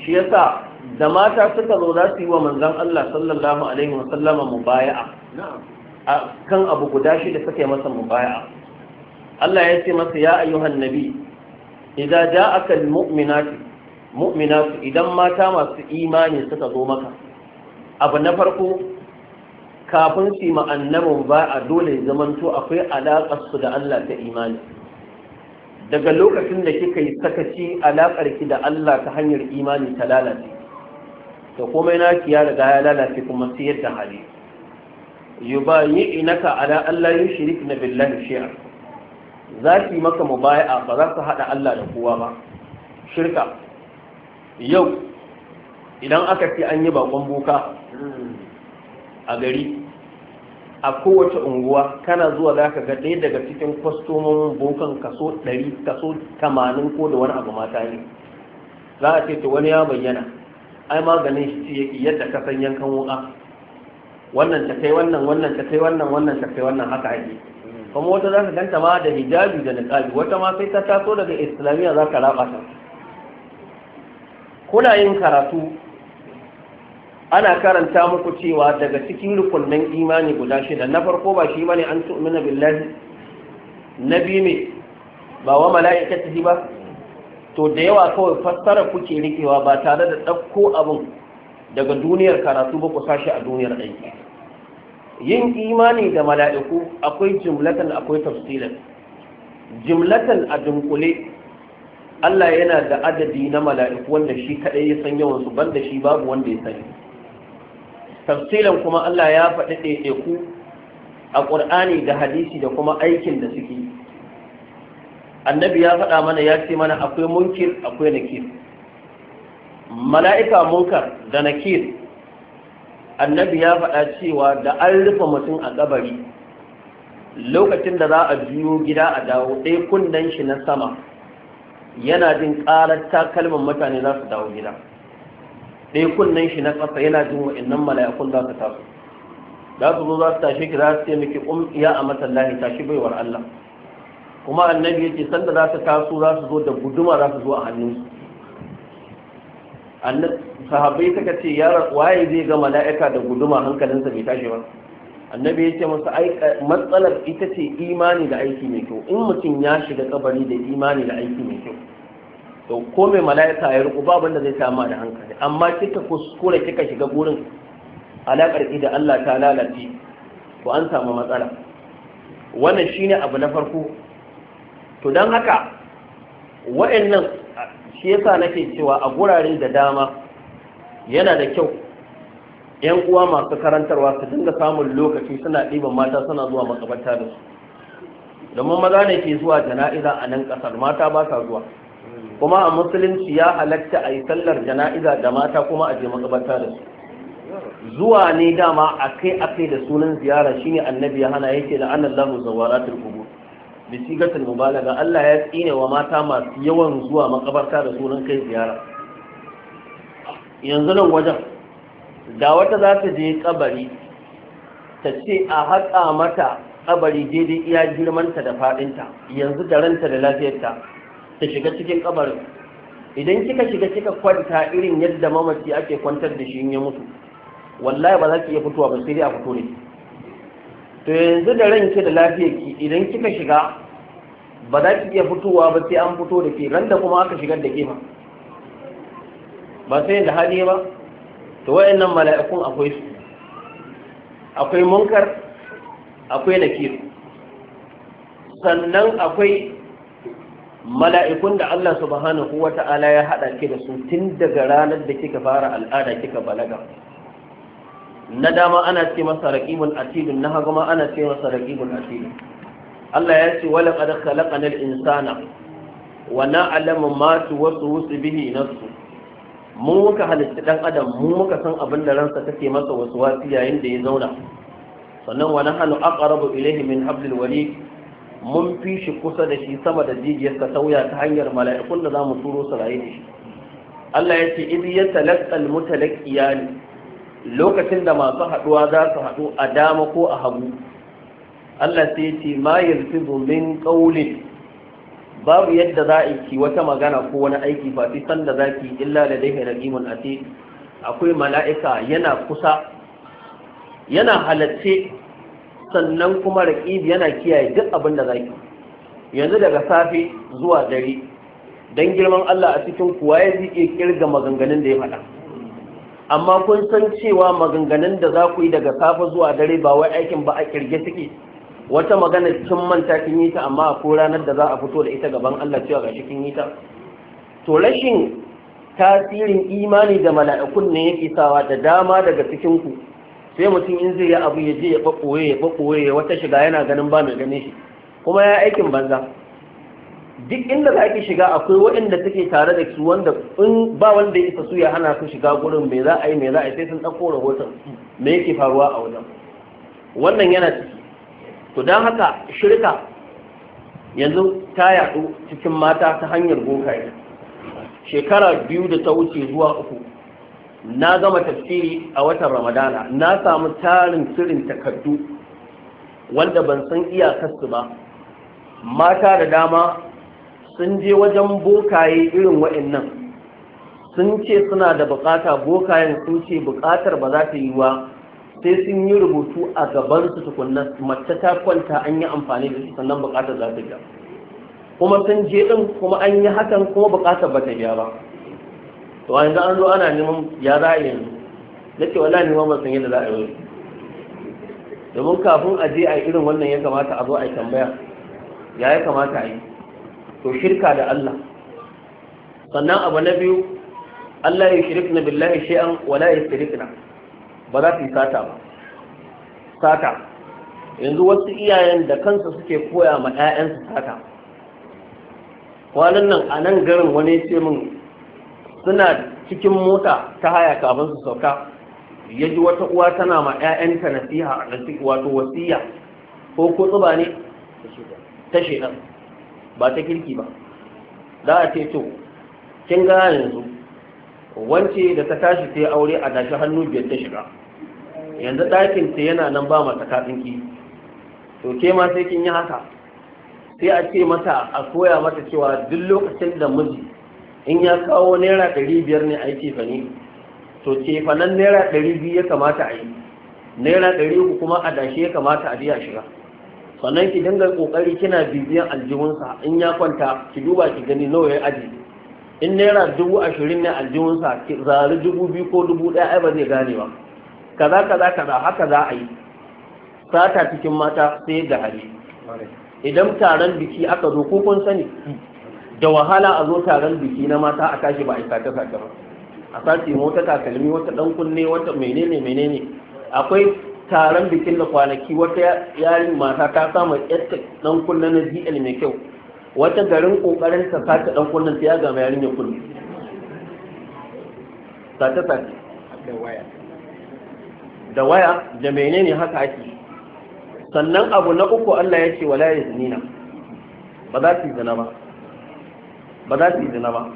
Speaker 1: shi yasa da mata suka zo za su yi wa manzon Allah sallallahu alaihi wasallama mubaya'a na'am kan abu guda shi da suka yi masa mubaya Allah ya ce masa ya ayyuhan nabi idan aka mu'minati mu'minatu idan mata masu imani suka zo maka abu na farko kafin su ma annabin ba a dole zamanto akwai alaƙar su da Allah ta imani daga lokacin da kika yi sakaci alakar ki da Allah ta hanyar imani ta lalace to komai na ki ya riga ya lalace kuma sai yadda hali inaka ala alla yushrikna billahi shay'a za su maka mubaya'a ba za ka haɗa Allah da kowa ba shirka yau idan aka ce an yi bakon boka a gari a kowace unguwa kana zuwa za ka ga ɗaya daga cikin kwastomin bokan kaso 100 kaso 80 ko da wani abu mata ne za a ce ta wani ya bayyana ai maganin shi yadda ka san yankan wuka wannan ta kai wannan wannan ta kai wannan wannan ta kai wannan haka ake kuma wata za ka ganta ma da hijabi da niqabi wata ma sai ta taso daga islamiyya za ka raba ta kuna yin karatu ana karanta muku cewa daga cikin rukunin imani guda shida na farko ba shi bane an tu'mina billahi nabi ne ba wa mala'ikatihi ba to da yawa kawai fassara kuke rikewa ba tare da ɗauko abun daga duniyar karatu ba ku sashi a duniyar aiki yin imani da mala'iku akwai jimlatan akwai tafsilan jimlatan a dunkule Allah yana da adadi na mala'iku wanda shi kadai ya san yawansu banda shi babu wanda ya sani tafsilan kuma Allah ya faɗi ɗaiɗaiku a ƙur'ani da hadisi da kuma aikin da suke annabi ya faɗa mana ya ce mana akwai munkir akwai nakir mala'ika munkar da nakir annabi ya faɗa cewa da an rufe mutum a ƙabari lokacin da za a juyo gida a dawo ɗaya kunnen shi na sama yana jin ƙarar takalmin mutane za su dawo gida ɗaya kunnen shi na ƙasa yana jin wa'annan mala'ikun za su taso za su zo za su tashi su taimaki um ya a masallahi tashi baiwar Allah kuma annabi yake sanda za su taso za su zo da guduma za su zo a hannunsu sahabbai suka ce ya waye zai ga mala'ika da guduma hankalinsa bai tashi ba annabi ya ce masa eh, matsalar ita ce imani da aiki mai kyau in mutum ya shiga kabari da imani da aiki mai kyau to ko mai mala'ika ya riko babu da zai sama da hankali amma kika kuskure kika shiga gurin alakar ki da Allah ta lalace to an samu matsala wannan shine abu na farko to dan haka wa'annan shi yasa nake cewa a gurare da dama yana da kyau yan uwa masu karantarwa su dinga samun lokaci suna ɗiban mata suna zuwa makabarta da su domin maza ne ke zuwa jana'iza a nan ƙasar mata ba sa zuwa kuma a musulunci ya halatta a yi sallar jana'iza da mata kuma a je makabarta da su zuwa ne dama akai akai da sunan ziyara shine annabi ya hana yake la'anallahu zawaratul qubur da sigatul mubalaga Allah ya tsine wa mata masu yawan zuwa makabarta da sunan kai ziyara yanzu nan wajen da wata za ta je kabari ta ce a haƙa mata kabari daidai iya girmanta da faɗinta yanzu da ranta da lafiyarta ta shiga cikin kabarin idan kika shiga kika kwanta irin yadda mamaci ake kwantar da shi in ya mutu wallahi ba za ki iya fitowa ba sai dai a fito ne to yanzu da ranki da lafiyarki idan kika shiga ba za ki iya fitowa ba sai an fito da ke ran da kuma aka shigar da ke ba ba sai da hali ba to wayannan mala'ikun akwai su akwai munkar akwai nakir sannan akwai mala'ikun da Allah subhanahu wata'ala ya haɗa ki da su tun daga ranar da kika fara al'ada kika balaga na dama ana ce masa raqibul atid na hagu ma ana ce masa raqibul atid Allah ya ce wala qad khalaqanal insana wa na'lamu ma tuwaswisu bihi nafsu mu muka halitta dan adam mu muka san abin da ransa take masa waswasi yayin da ya zauna sannan wa nahnu aqrabu ilayhi min hablil warid mun fi shi kusa da shi sama da jijiyar ka sauya ta hanyar mala'ikun da zamu turo su raye da shi Allah ya ce idh yatalaqqa mutalaqiyani lokacin da masu haɗuwa za su haɗu a dama ko a hagu Allah sai ya ce ma yarfi min ƙaunin babu yadda za a yi wata magana ko wani aiki ba sai sanda za ki illa da dai raqimun ati akwai mala'ika yana kusa yana halacce sannan kuma raqib yana kiyaye duk abin da zaki yanzu daga safe zuwa dare dan girman Allah a cikin kuwa ya zike kirga maganganun da ya faɗa amma kun san cewa maganganun da za ku yi daga safe zuwa dare ba wai aikin ba a kirge suke wata magana kin manta kin yi ta amma akwai ranar da za a fito da ita gaban Allah cewa gashi kin yi ta to rashin tasirin imani da mala'ikun ne yake sawa da dama daga cikin ku sai mutum in zai yi abu ya je ya bakoye ya bakoye wata shiga yana ganin ba mai gane shi kuma ya aikin banza duk inda za ki shiga akwai waɗanda take tare da su wanda in ba wanda ya su ya hana su shiga gurin me za a yi me za a yi sai sun ɗauko rahoton me yake faruwa a wajen wannan yana ciki to don haka shirka yanzu ta yaɗu cikin mata ta hanyar bokaye shekara biyu da ta wuce zuwa uku na gama tafsiri a watan ramadana na samu tarin cirin takardu wanda ban san iyakarsu ba mata da dama sun je wajen bokaye irin wa'annan sun ce suna da bukata bokayen sun ce bukatar ba za ta yi wa sai sun yi rubutu a gaban su tukunan, mace ta kwanta an yi amfani da su sannan bukatar za ta biya kuma sun je din kuma an yi hakan kuma bukatar ba ta biya ba to yanzu an zo ana neman ya za a yanzu ke wala neman ba sun yi da za a yi domin kafin a je a irin wannan ya kamata a zo a yi tambaya ya ya kamata a yi to shirka da Allah sannan abu na biyu Allah ya shirik na billahi shi'an wala ya shirik na ba za su yi sata ba sata yanzu wasu iyayen da kansa suke koya ma 'ya'yansu sata kwanan nan a nan garin wani ce min suna cikin mota ta haya kafin su sauka ya ji wata uwa tana ma 'ya'yanta nasiha wato wasiya ko ko tsuba ne ta ba ta kirki ba za a ce to kin ga yanzu wance da ta tashi ta aure a gashi hannu biyar ta shiga yanzu ɗakin ta yana nan ba mata katsin tsinki. to ke ma sai kin yi haka sai a ce mata a koya mata cewa duk lokacin da miji in ya kawo naira ɗari biyar ne a yi cefane to nan naira ɗari biyu ya kamata a yi naira ɗari uku kuma a dashe ya kamata a biya shiga sannan ki dinga kokari kina bibiyan aljihunsa in ya kwanta ki duba ki gani nawa ya aji in naira dubu ashirin ne aljihunsa ki zari dubu biyu ko dubu ɗaya ai ba zai gane ba kaza kaza kaza haka za a yi sata cikin mata sai da hari idan taron biki aka zo ko kun sani da wahala a zo taron biki na mata a tashi ba a sata sata ba a sace mota takalmi wata dan kunne wata menene menene akwai taron bikin da kwanaki wata yarin mata ta samu yadda dan kunna na GL mai kyau wata garin kokarin ta sace dan kunnan ta ya gama yarin ya kullu sace sace da waya da waya da menene haka ake sannan abu na uku Allah ya ce wala yaznina ba za su zina ba ba za su zina ba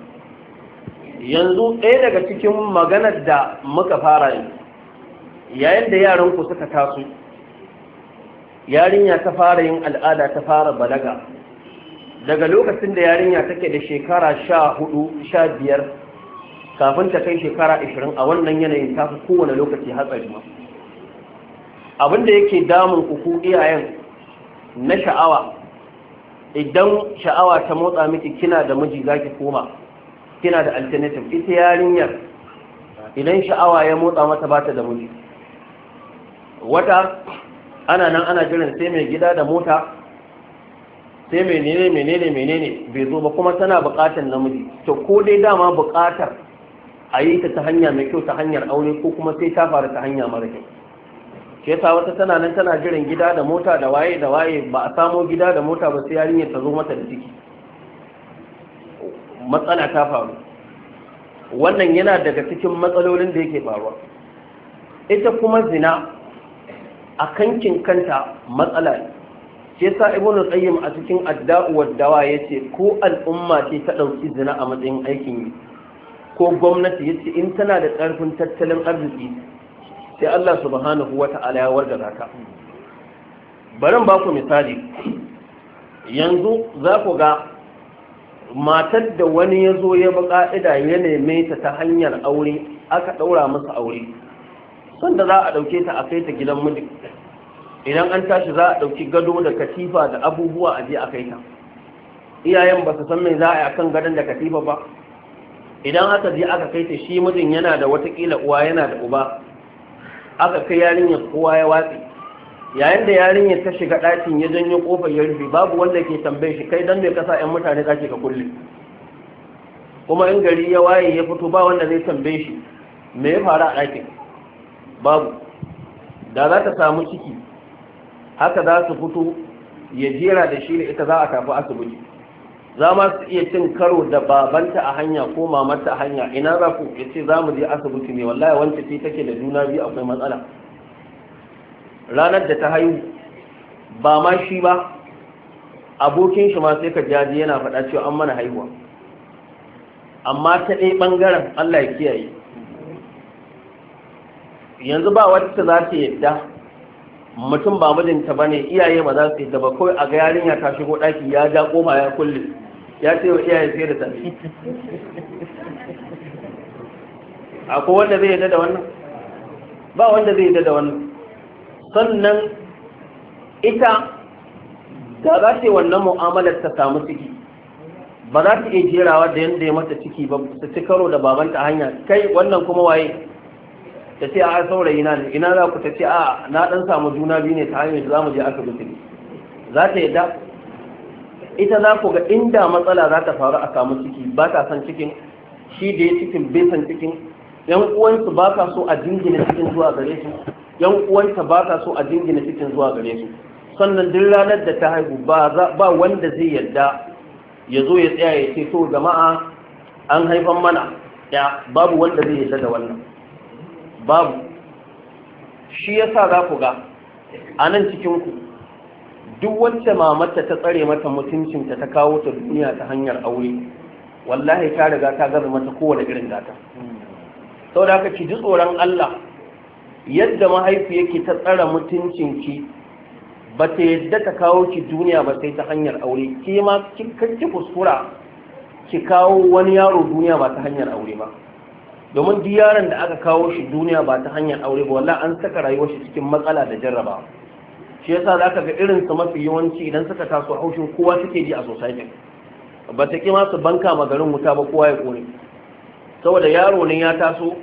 Speaker 1: yanzu ɗaya daga cikin maganar da muka fara yanzu yayin da yaran ku suka taso yarinya ta fara yin al'ada ta fara balaga daga lokacin da yarinya take da shekara sha hudu sha biyar kafin ta kai shekara ashirin a wannan yanayin ta fi kowane lokaci hatsari ma abinda yake damun ku iyayen na sha'awa idan sha'awa ta motsa miki kina da miji zaki koma kina da alternative ita yarinyar idan sha'awa ya motsa mata bata da miji wata ana nan ana jiran sai mai gida da mota sai menene menene menene bai zo ba kuma tana buƙatar namiji to ko dai dama buƙatar a yi ta ta hanya mai kyau ta hanyar aure ko kuma sai ta faru ta hanya mara kyau ke sa wata tana nan tana jiran gida da mota da waye da waye ba a samo gida da mota ba sai yarinyar ta zo mata da ciki matsala ta faru wannan yana daga cikin matsalolin da yake faruwa ita kuma zina a kankin kanta matsala ce, shi yasa ibn al-qayyim a cikin adda'u wa dawa yace ko al'umma ce ta dauki zina a matsayin aikin yi ko gwamnati yace in tana da karfin tattalin arziki sai Allah subhanahu wata'ala ya wargaza zaka barin ba ku misali yanzu za ku ga matar da wani ya zo ya bi ka'ida ya neme ta ta hanyar aure aka daura masa aure wanda za a ɗauke ta a kai gidan miji idan an tashi za a ɗauki gado da katifa da abubuwa a je a kai iyayen ba su san mai za a yi akan gadon da katifa ba idan aka je aka kaita shi mijin yana da watakila uwa yana da uba aka kai yarinyar kowa ya watsi yayin da yarinyar ta shiga ɗakin ya janyo kofar ya rufe babu wanda ke tambaye shi kai dan me kasa ƴan mutane ɗaki ka kulle kuma in gari ya waye ya fito ba wanda zai tambaye shi me ya faru a ɗakin babu da za ta samu ciki haka za su fito ya jera da shi da ita za a tafi asibiti za ma su iya cin karo da babanta a hanya ko mamanta a hanya ina za ku ya ce za mu je asibiti ne wallahi wancan ce take da juna biyu akwai matsala ranar da ta haihu ba ma shi ba abokin shi ma sai ka jaji yana faɗa cewa an mana haihuwa amma ta ɗaya ɓangaren allah ya kiyaye yanzu ba wata za ta yadda mutum ba mijinta ne iyaye ba za su yadda ba kawai a ga yarinya tashi ko ɗaki ya ja koma ya kulle ya ce wa iyaye sai da tafi akwai wanda zai yadda da wannan ba wanda zai yadda da wannan sannan ita da za ta yi wannan mu'amalar ta samu ciki ba za ta iya jerawa da yadda ya mata ciki ba ta ci karo da babanta hanya kai wannan kuma waye ta ce a saurayi na ne ina za ku ta ce a na dan samu juna biyu ne ta hanyar za mu je aka gudu. za ta yadda ita za ku ga inda matsala za ta faru a samu ciki ba ta san cikin shi da ya cikin bai san cikin yan uwansu ba ka so a jingina cikin zuwa gare su yan uwanta ba ta so a jingina cikin zuwa gare su sannan duk ranar da ta haihu ba wanda zai yarda ya zo ya tsaya ya ce to jama'a an haifan mana ya babu wanda zai yarda da wannan babu shi ya sa za ku ga a nan cikinku duk wacce mamata ta tsare mata mutuncinta ta kawo ta duniya ta hanyar aure wallahi ta riga ta gaza mata kowane irin gata sau da haka ki ji tsoron Allah yadda mahaifi yake ta tsara mutuncinki ba ta yadda ta kawo ki duniya ba sai ta hanyar aure ke ma ki kuskura ki kawo wani yaro duniya ba ta hanyar aure ba domin diyaran yaron da aka kawo shi duniya ba ta hanyar aure ba wallahi an saka rayuwar shi cikin matsala da jarraba shi yasa zaka ga irin su mafi yawanci idan suka taso haushin kowa suke ji a society ba ta kima su banka ma garin wuta ba kowa ya kone saboda yaro ne ya taso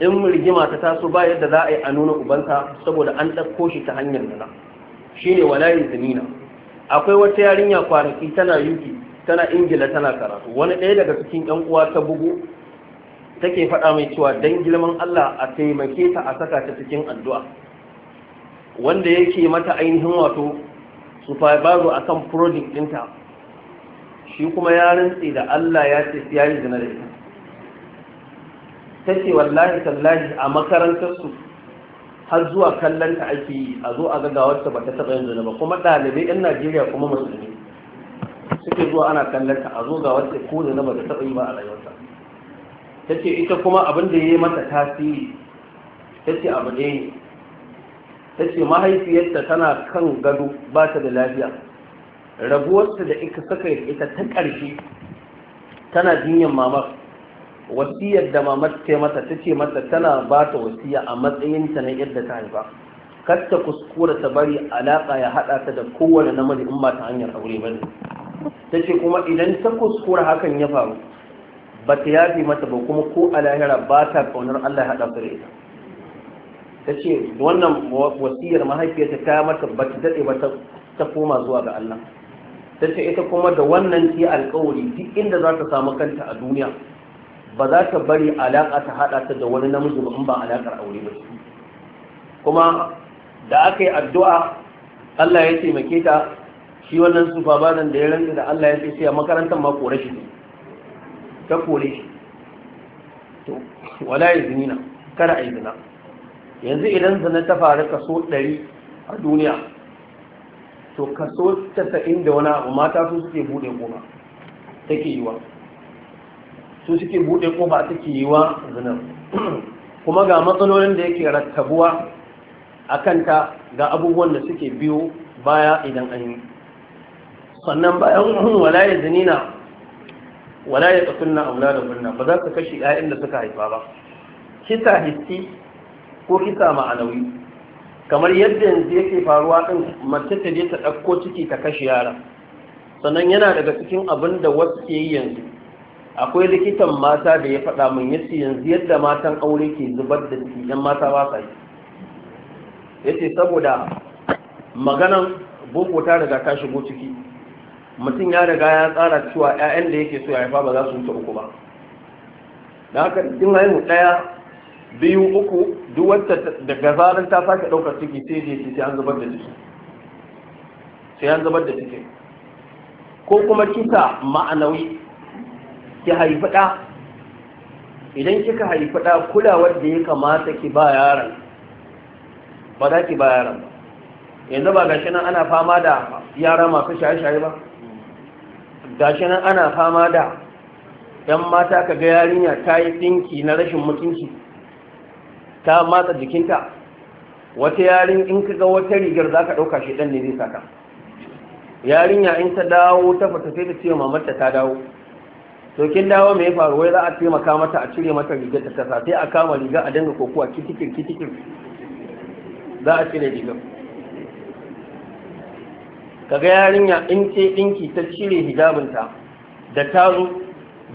Speaker 1: in rigima ta taso ba yadda za a yi a nuna ubanta, saboda an ɗauko shi ta hanyar nuna shi walayin zinina akwai wata yarinya kwanaki tana yuki tana ingila tana karatu wani ɗaya daga cikin yan uwa ta bugu take faɗa mai cewa dan girman Allah a taimake ta a saka ta cikin addu'a wanda yake mata ainihin wato a akan project ɗinta shi kuma ya rantse da Allah ya ce ya yi zina da ita ta ce wallahi tallahi a makarantarsu har zuwa kallon ta ake yi a zo a gagawarta ba ta taɓa yin zina ba kuma ɗalibai 'yan Najeriya kuma musulmi suke zuwa ana kallon ta a zo ga wata ko zina ba ta taɓa yi ba a rayuwarta ta ce ita kuma abin da ya yi mata tasiri ta ce abu ne ta ce mahaifiyarta tana kan gado ba ta da lafiya ta da ita saka ita ta ƙarshe tana jinyar mamar wasiyar da mamar ce mata ta ce mata tana ba ta wasiya a matsayin ta na yadda ta haifa kar ta kuskura ta bari alaƙa ya haɗa ta da kowane namiji in ba ta hanyar aure ba ne ta ce kuma idan ta kuskura hakan ya faru ba ta yafi mata ba kuma ko a lahira ba ta kaunar Allah ya haɗa fure' ita ta ce wannan wasiyar mahaifiyarta ta mata ba ta daɗe ba ta koma zuwa ga Allah ta ce ita kuma da wannan ke alkawari duk inda za ta samu kanta a duniya ba za ta bari alaƙa ta haɗa ta da wani namiji ba in ba alaƙar aure ba kuma da aka yi addu'a Allah ya taimake ta shi wannan sufa da ya rantsa da Allah ya ce sai makarantar ma ko rashin. ne ta kore shi to wala ya zinina kada a yi zina yanzu idan zina ta faru kaso ɗari a duniya to kaso 90 da wani abu mata su suke buɗe ƙofa take yiwa su suke bude ƙofa take yiwa zinar kuma ga matsalolin da yake rattabuwa a kanta ga abubuwan da suke biyo baya idan an yi sannan bayan wala ya zinina wala ya tsakunna auladukunna ba za ka kashe ƴaƴan da suka haifa ba kisa hissi ko kisa ma'anawi kamar yadda yanzu yake faruwa ɗin mace ta je ta ɗauko ciki ta kashe yara sannan yana daga cikin abin da wasu ke yi yanzu akwai likitan mata da ya faɗa min yace yanzu yadda matan aure ke zubar da ciki yan mata ba sa yi yace saboda maganan boko ta riga ta shigo ciki mutum ya riga ya tsara cewa 'ya'yan da yake so ya haifa ba za su wuce uku ba da haka in haihu ɗaya biyu uku duk wata daga zarar ta sake ɗaukar ciki sai da sai an zubar da ciki sai an zubar da ciki ko kuma kika ma'anawi ki haifi ɗa idan kika haifi ɗa kulawar da ya kamata ki ba yaron ba za ki ba yaron ba yanzu ba gashi nan ana fama da yara masu shaye-shaye ba gashi nan ana fama da ‘yan mata ka ga yarinya ta yi ɗinki na rashin mutunci ta matsa jikinta wata yarin in ka ga wata rigar za ka ɗauka shi ɗan ne zai saka yarinya in ta dawo ta fata sai ta ce mamarta ta dawo to kin dawo mai faru wai za a taimaka mata a cire mata rigar ta kasa sai a kama riga a dinga kokuwa kitikir kitikir za a cire rigar kaga yarinya in ce dinki ta cire hijabinta da ta zo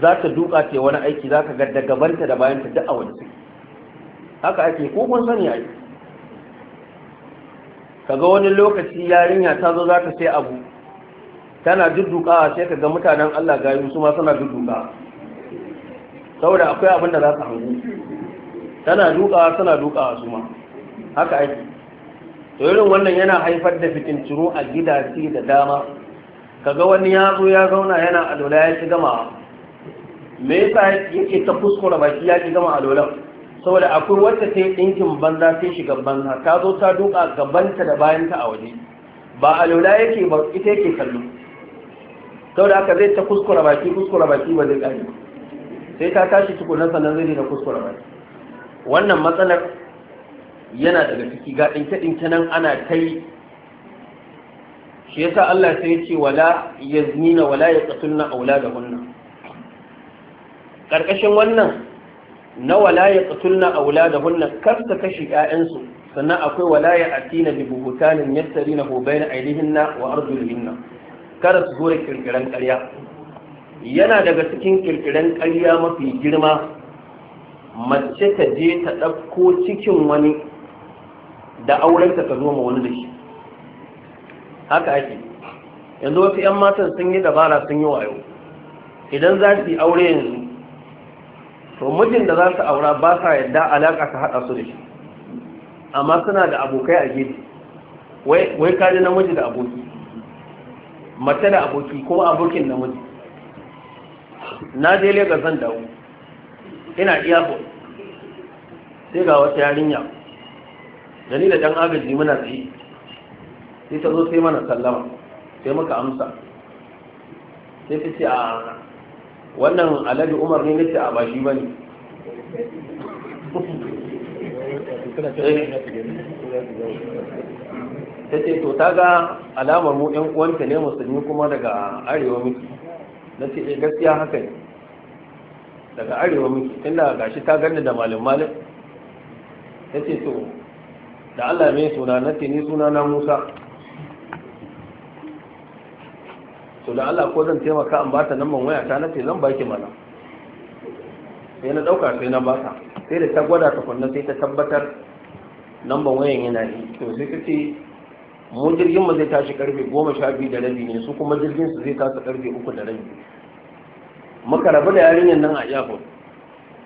Speaker 1: za ta duka ce wani aiki za ka ga da gabanta da bayanta duk a wani haka ake ko kun sani ai kaga wani lokaci yarinya ta zo za ta sai abu tana duddukawa sai kaga mutanen Allah gayu su ma suna duddukawa saboda akwai abin da za su hango tana dukawa tana dukawa su ma haka aiki to irin wannan yana haifar da fitinturu a gidaje da dama kaga wani ya zo ya zauna yana alola ya ci gama me yasa yake ta kuskura baki ya ci gama alolan saboda akwai wacce ta yi ɗinkin banza ta shiga banza ta zo ta duka gabanta da bayanta a waje ba alola yake ba ita yake kallo saboda haka zai ta kuskura baki kuskura baki ba zai ƙari sai ta tashi tukunan sannan zai da kuskura baki wannan matsalar yana daga ciki ga ɗinke-ɗinke nan ana ta yi shi yasa Allah sai ya ce wala yaznina wala yaqtulna auladahunna karkashin wannan na wala yaqtulna auladahunna kar ta kashe ƴaƴansu sannan akwai wala ya atina bi buhutanin yastarinahu bayna aydihinna wa arjulihinna kada su zo da kirkiran ƙarya yana daga cikin kirkiran ƙarya mafi girma mace ta je ta ɗauko cikin wani da aurenta ka zo ma wani da shi haka ake yanzu wasu 'yan matan sun yi dabara sun yi wayo idan za su yi aure yanzu to mijin da za su aura ba sa yadda alaƙa ka haɗa su da shi amma suna da abokai a gefe wai kaji namiji da aboki mace da aboki ko abokin namiji na je lagos zan dawo ina iya sai ga wata yarinya da ni da ɗan agaji muna tsaye sai ta zo sai mana sallama sai muka amsa sai ta ce a wannan alhaji umar ne nace a bashi ba ne ta ce to ta ga alamar mu yan uwanta ne musulmi kuma daga arewa miki na ce eh gaskiya haka ne daga arewa miki inda gashi ta ganni da malin malin ta ce to da Allah mai suna na ce ni suna na Musa to da Allah ko zan taimaka an bata nan man waya ta na ce zan baki mana sai na dauka sai na baka, sai da ta gwada ta kunna sai ta tabbatar nan man wayan yana yi to sai ta ce mun jirgin mu zai tashi karfe goma sha biyu da rabi ne su kuma jirgin su zai tashi karfe uku da rabi muka rabu da yarinyar nan a Jafo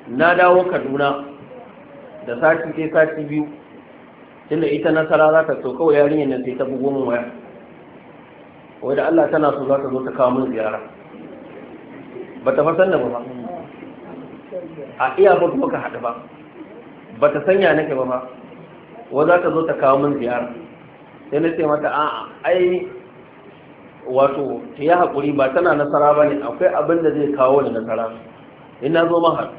Speaker 1: na dawo kaduna da sati sai sati biyu tunda ita nasara za ka so kawai yarinyar nan sai ta bugu mun waya wai da Allah tana so za ta zo ta kawo min ziyara ba ta fasan da ba a iya ba kuma ka haɗu ba ba ta sanya nake ba ba wa za ka zo ta kawo min ziyara sai na ce mata a'a ai wato ta yi haƙuri ba tana nasara ba ne akwai abin da zai kawo da nasara in na zo mahar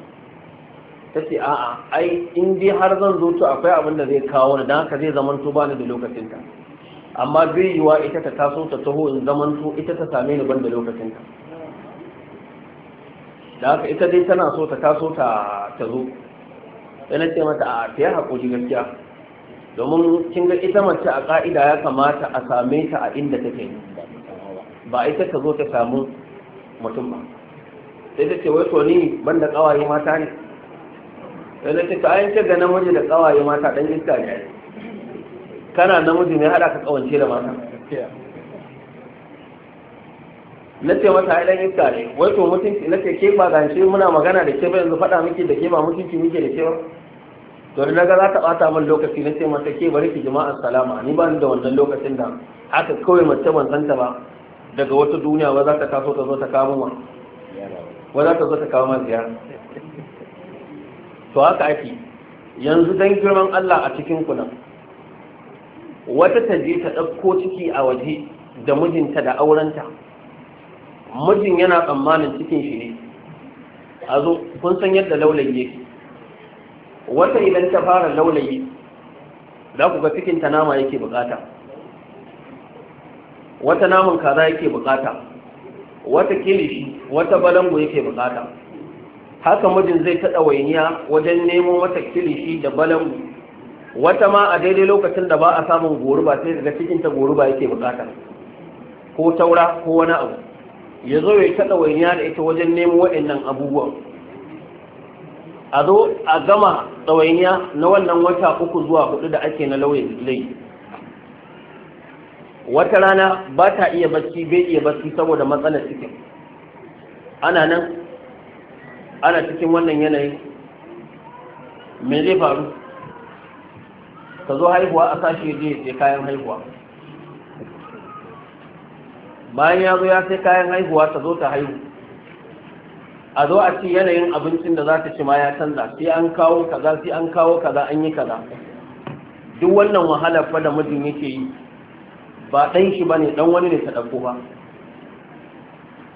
Speaker 1: ta ce a'a ai in dai har zan zo to akwai abin da zai kawo ni don haka zai ba bani da lokacinta amma bai yiwa ita ta taso ta taho in to ita ta same ni ban da lokacinta da haka ita dai tana so ta taso ta ta zo Ina ce mata a ta yi haƙuri gaskiya domin kin ga ita mace a ƙa'ida ya kamata a same ta a inda take ba ita ta zo ta samu mutum ba sai ta ce wai to ni ban da ƙawaye mata ne yanzu ce ta ayin ga namiji da tsawaye mata dan iska ne kana namiji mai hada ka ƙawance da mata na ce mata ai dan iska ne wai to mutunci na ce ke ba gance muna magana da ke ba yanzu faɗa miki da ke ba mutunci muke da ke ba to da naga za ta bata min lokaci na ce mata ke bari ki jima'a salama ni ba ni da wannan lokacin da haka kawai mace ban santa ba daga wata duniya ba za ta kaso ta zo ta kawo wa ba za ta zo ta kawo ma ziyara to haka ake yanzu don girman Allah a cikin kuna wata ta je ta ɗauko ciki a waje da mijinta da aurenta mijin yana tsammanin cikin shi ne a zo kun san yadda laulayi wata idan ta fara laulayi za ku ga cikinta nama yake bukata wata naman kaza yake bukata wata kilishi wata balango yake bukata haka mijin zai taɗa ɗawainiya wajen nemo mata kilishi da balan wata ma a daidai lokacin da ba a samun goruba sai daga cikin cikinta goruba yake bukata ko taura ko wani abu ya zo ya ta ɗawainiya da ita wajen nemo waɗannan abubuwan a zo a gama tsawainiya na wannan wata uku zuwa hudu da ake na lauyin lai wata rana ba ta iya bacci bai iya bacci saboda matsalar cikin ana nan ana cikin wannan yanayin me zai faru ka zo haihuwa a sashi je je kayan haihuwa bayan ya zo ya sai kayan haihuwa ta zo ta haihu a zo a ci yanayin abincin da za ta ci ma ya canza sai an kawo kaza sai an kawo kaza an yi kaza duk wannan wahalar fa da mijin yake yi ba ɗan shi ba ne ɗan wani ne ta ɗauko ba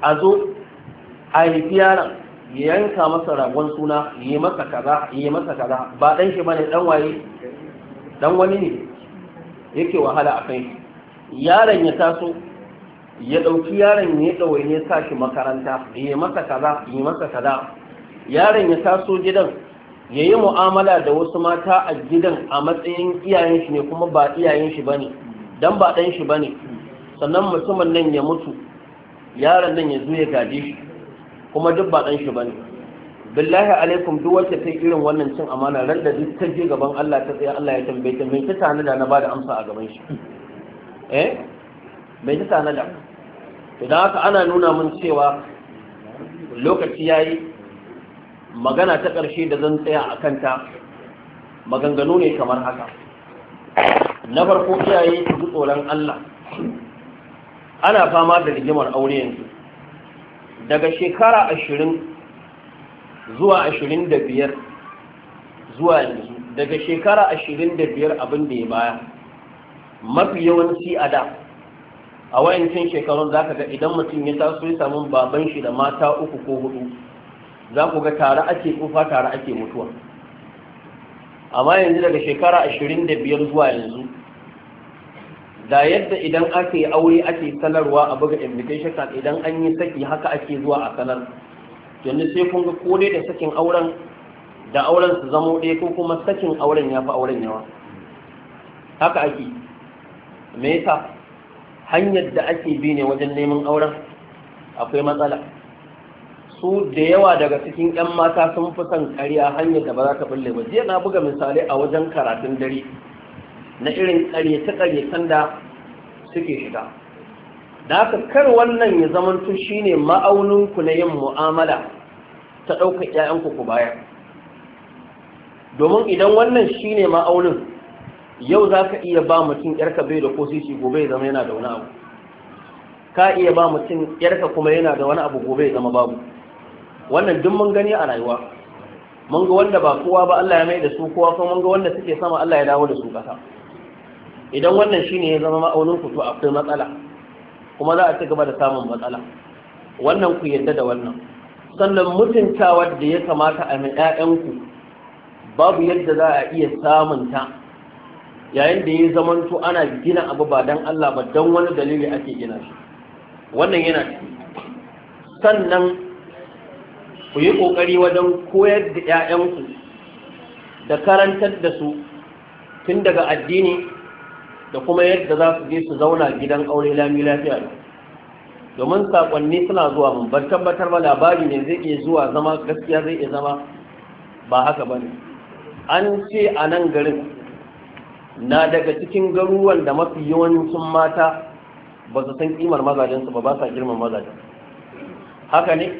Speaker 1: a zo a haifi yaron yanka masa ragon suna yi masa kaza yi masa kaza ba dan shi bane dan waye dan wani ne yake wahala a kai yaron ya taso ya dauki yaron ya dawai ne sa shi makaranta yi masa kaza yi masa kaza yaron ya taso gidan ya yi mu'amala da wasu mata a gidan a matsayin iyayen shi ne kuma ba iyayen shi bane dan ba dan shi bane sannan mutumin nan ya mutu yaron nan ya zo ya gaje shi kuma duk ba ɗan shi ba ne billahi alaikum duk wacce ta irin wannan cin amana ran da duk ta je gaban Allah ta tsaya Allah ya tambaye ta ta tana da na ba da amsa a gaban shi eh Mai ta tana da to dan haka ana nuna mun cewa lokaci yayi magana ta ƙarshe da zan tsaya a kanta maganganu ne kamar haka na farko iyaye su ji tsoron Allah ana fama da rigimar aure yanzu daga shekara ashirin zuwa ashirin da biyar zuwa yanzu daga shekara ashirin da biyar abin da ya baya mafi yawanci a da a wayancin shekarun za ka ga idan mutum ya taso ya samu baban shi da mata uku ko hudu za ku ga tare ake kufa tare ake mutuwa amma yanzu daga shekara ashirin da biyar zuwa yanzu da yadda idan aka yi aure ake sanarwa a buga invitation card idan an yi saki haka ake zuwa a sanar yanzu sai kun ga ko dai da sakin auren da auren su zamo ɗaya ko kuma sakin auren ya fi auren yawa haka ake me yasa hanyar da ake bi ne wajen neman auren akwai matsala su da yawa daga cikin 'yan mata sun fi son kariya hanyar da ba za ta bulle ba jiya na buga misali a wajen karatun dare na irin ƙaryace-ƙaryacen da suke shiga da aka kar wannan ya shi shine ma'auninku na yin mu'amala ta ɗaukar 'ya'yanku ku baya. domin idan wannan shine ma'aunin yau za ka iya ba mutum yarka bai da ko sisi gobe ya zama yana da wani abu ka iya ba mutum yarka kuma yana da wani abu gobe ya zama babu wannan duk mun gani a rayuwa mun ga wanda ba kowa ba Allah ya mai da su kowa kuma mun ga wanda suke sama Allah ya dawo da su ƙasa idan wannan shine ya zama ma'aunin ku to akwai matsala kuma za a ci gaba da samun matsala wannan ku yadda da wannan sannan mutuntawar da ya kamata a mai 'ya'yanku babu yadda za a iya samun ta yayin da ya zamanta ana gina abu ba don Allah ba don wani dalili ake gina shi wannan yana sannan ku yi ƙoƙari wajen koyar da 'ya'yanku da karantar da su tun daga addini da kuma yadda za su je su zauna gidan aure lami lafiya domin saƙonni suna zuwa mun ban tabbatar ba labari ne zai iya zuwa zama gaskiya zai iya zama ba haka ba ne. an ce a nan garin na daga cikin garuruwan da mafi yawancin mata ba su san kimar mazajensu ba ba sa girman mazajen haka ne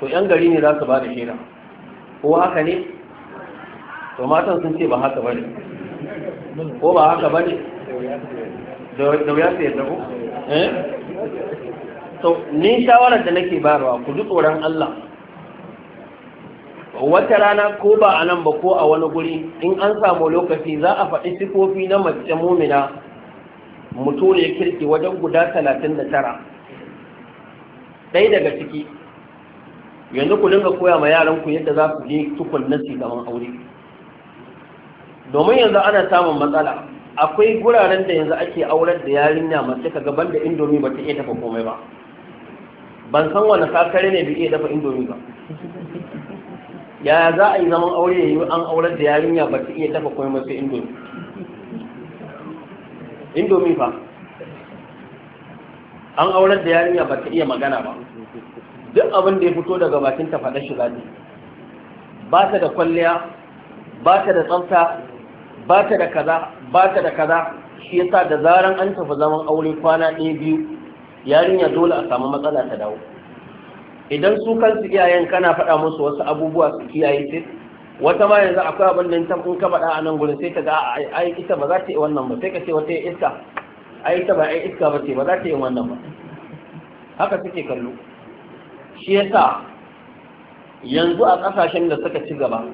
Speaker 1: to yan gari ne za su ba da shaida ko haka ne to matan sun ce ba haka ba ne.
Speaker 2: ko ba haka ba ne? da wuya su yadda ku? Eh?
Speaker 1: ni shawarar da nake barwa ku ji tsoron Allah wata rana ko ba a nan ba ko a wani guri in an samu lokaci za a faɗi sifofi na mace mumina mutu ne kirki wajen guda talatin da tara ɗaya daga ciki yanzu ku dinga koya ma yaranku yadda za ku je tukun nasi gaban aure domin yanzu ana samun matsala akwai guraren da yanzu ake aurar da yarinya mace ka gaban da indomi ba ta iya dafa komai ba ban san wani sakare ne bai iya dafa indomi ba yaya za a yi zaman aure ya yi an aurar da yarinya ba ta iya dafa komai ba sai indomi indomi fa an aurar da yarinya ba ta iya magana ba duk abin da ya fito daga bakin ta faɗa shiga ne ba ta da kwalliya ba ta da tsafta ba ta da kaza ba ta da kaza shi yasa da zaran an tafi zaman aure kwana ɗaya biyu yarinya dole a samu matsala ta dawo idan su kansu iyayen kana faɗa musu wasu abubuwa su kiyaye su wata ma yanzu akwai abin da ta kun ka faɗa a nan gurin sai ta ga ai ita ba za ta yi wannan ba sai ka ce wata iska ai ita ba ai iska ba ce ba za ta yi wannan ba haka suke kallo shi yasa yanzu a ƙasashen da suka ci gaba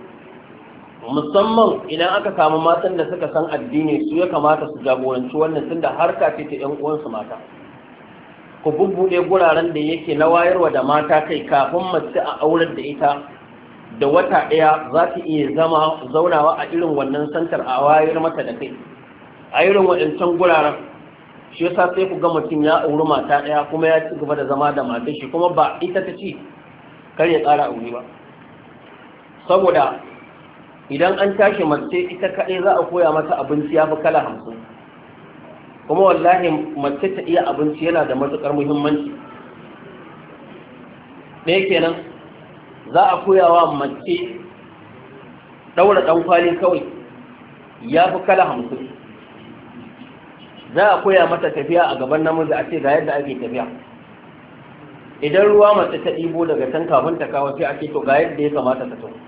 Speaker 1: musamman idan aka samu matan da suka san addini su ya kamata su jagoranci wannan tun da harka ce ta yan uwansu mata ku bubbuɗe guraren da yake na wayarwa da mata kai kafin mace a aurar da ita da wata ɗaya za ta iya zama zaunawa a irin wannan santar a wayar mata da kai a irin waɗancan guraren shi yasa sai ku ga mutum ya auri mata ɗaya kuma ya ci gaba da zama da matar shi kuma ba ita ta ci kar ya tsara aure ba saboda idan an tashi mace ita kaɗai za a koya mata abinci ya fi kala hamsin kuma wallahi mace ta iya abinci yana da matuƙar muhimmanci ɗaya kenan za a koya wa mace ɗaura ɗan kwali kawai ya fi kala hamsin za a koya mata tafiya a gaban namiji a ce ga yadda ake tafiya idan ruwa mace ta ɗibo daga can kafin ta kawo sai a ce to ga yadda ya kamata ta tafi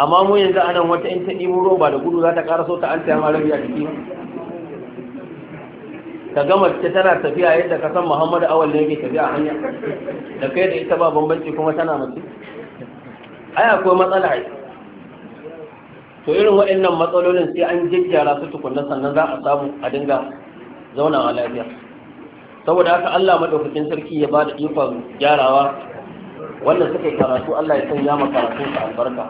Speaker 1: amma mu yanzu anan wata in ta ɗibo roba da gudu za ta so ta an tsaye mara a ciki ka gama ta tana tafiya yadda ka san muhammadu awal ne yake tafiya a hanya da kai da ita ba bambanci kuma tana mace ai akwai matsala ai to irin waɗannan matsalolin sai an gyaggyara su tukunna sannan za a samu a dinga zauna a lafiya saboda haka Allah madaukakin sarki ya bada ikon gyarawa wannan suka karatu Allah ya sanya makaratun ka albarka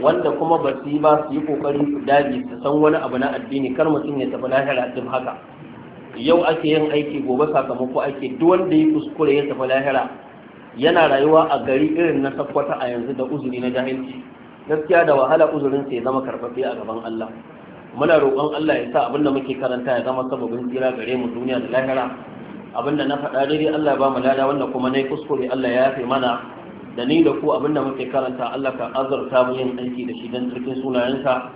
Speaker 1: wanda kuma ba su yi ba su yi kokari su dage su san wani abu na addini kar mutum ya tafi lahira din haka yau ake yin aiki gobe sakamako ake duk wanda ya kuskure ya tafi lahira yana rayuwa a gari irin na sakwata a yanzu da uzuri na jahilci gaskiya da wahala uzurin ya zama karfafe a gaban Allah muna roƙon Allah ya sa abin da muke karanta ya zama sababin tsira gare mu duniya da lahira abin da na faɗa dai Allah ya ba mu lada wanda kuma na kuskure Allah ya yafe mana da ni da ku abinda muke karanta Allah ka azurta mu yin aiki da shi dan sarkin sunayensa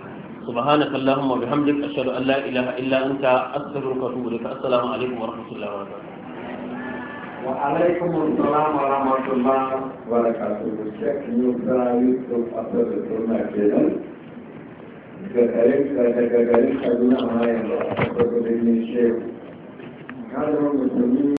Speaker 1: subhanaka allahumma bihamdika ashhadu an la ilaha illa anta astaghfiruka wa atubu ilaik assalamu alaikum wa rahmatullahi wa
Speaker 2: barakatuh wa alaikum
Speaker 1: assalam wa rahmatullahi wa barakatuh shek new value to after the corona
Speaker 2: kenan daga garin kaduna ma yanzu a kasar da ne shehu kalmar musulmi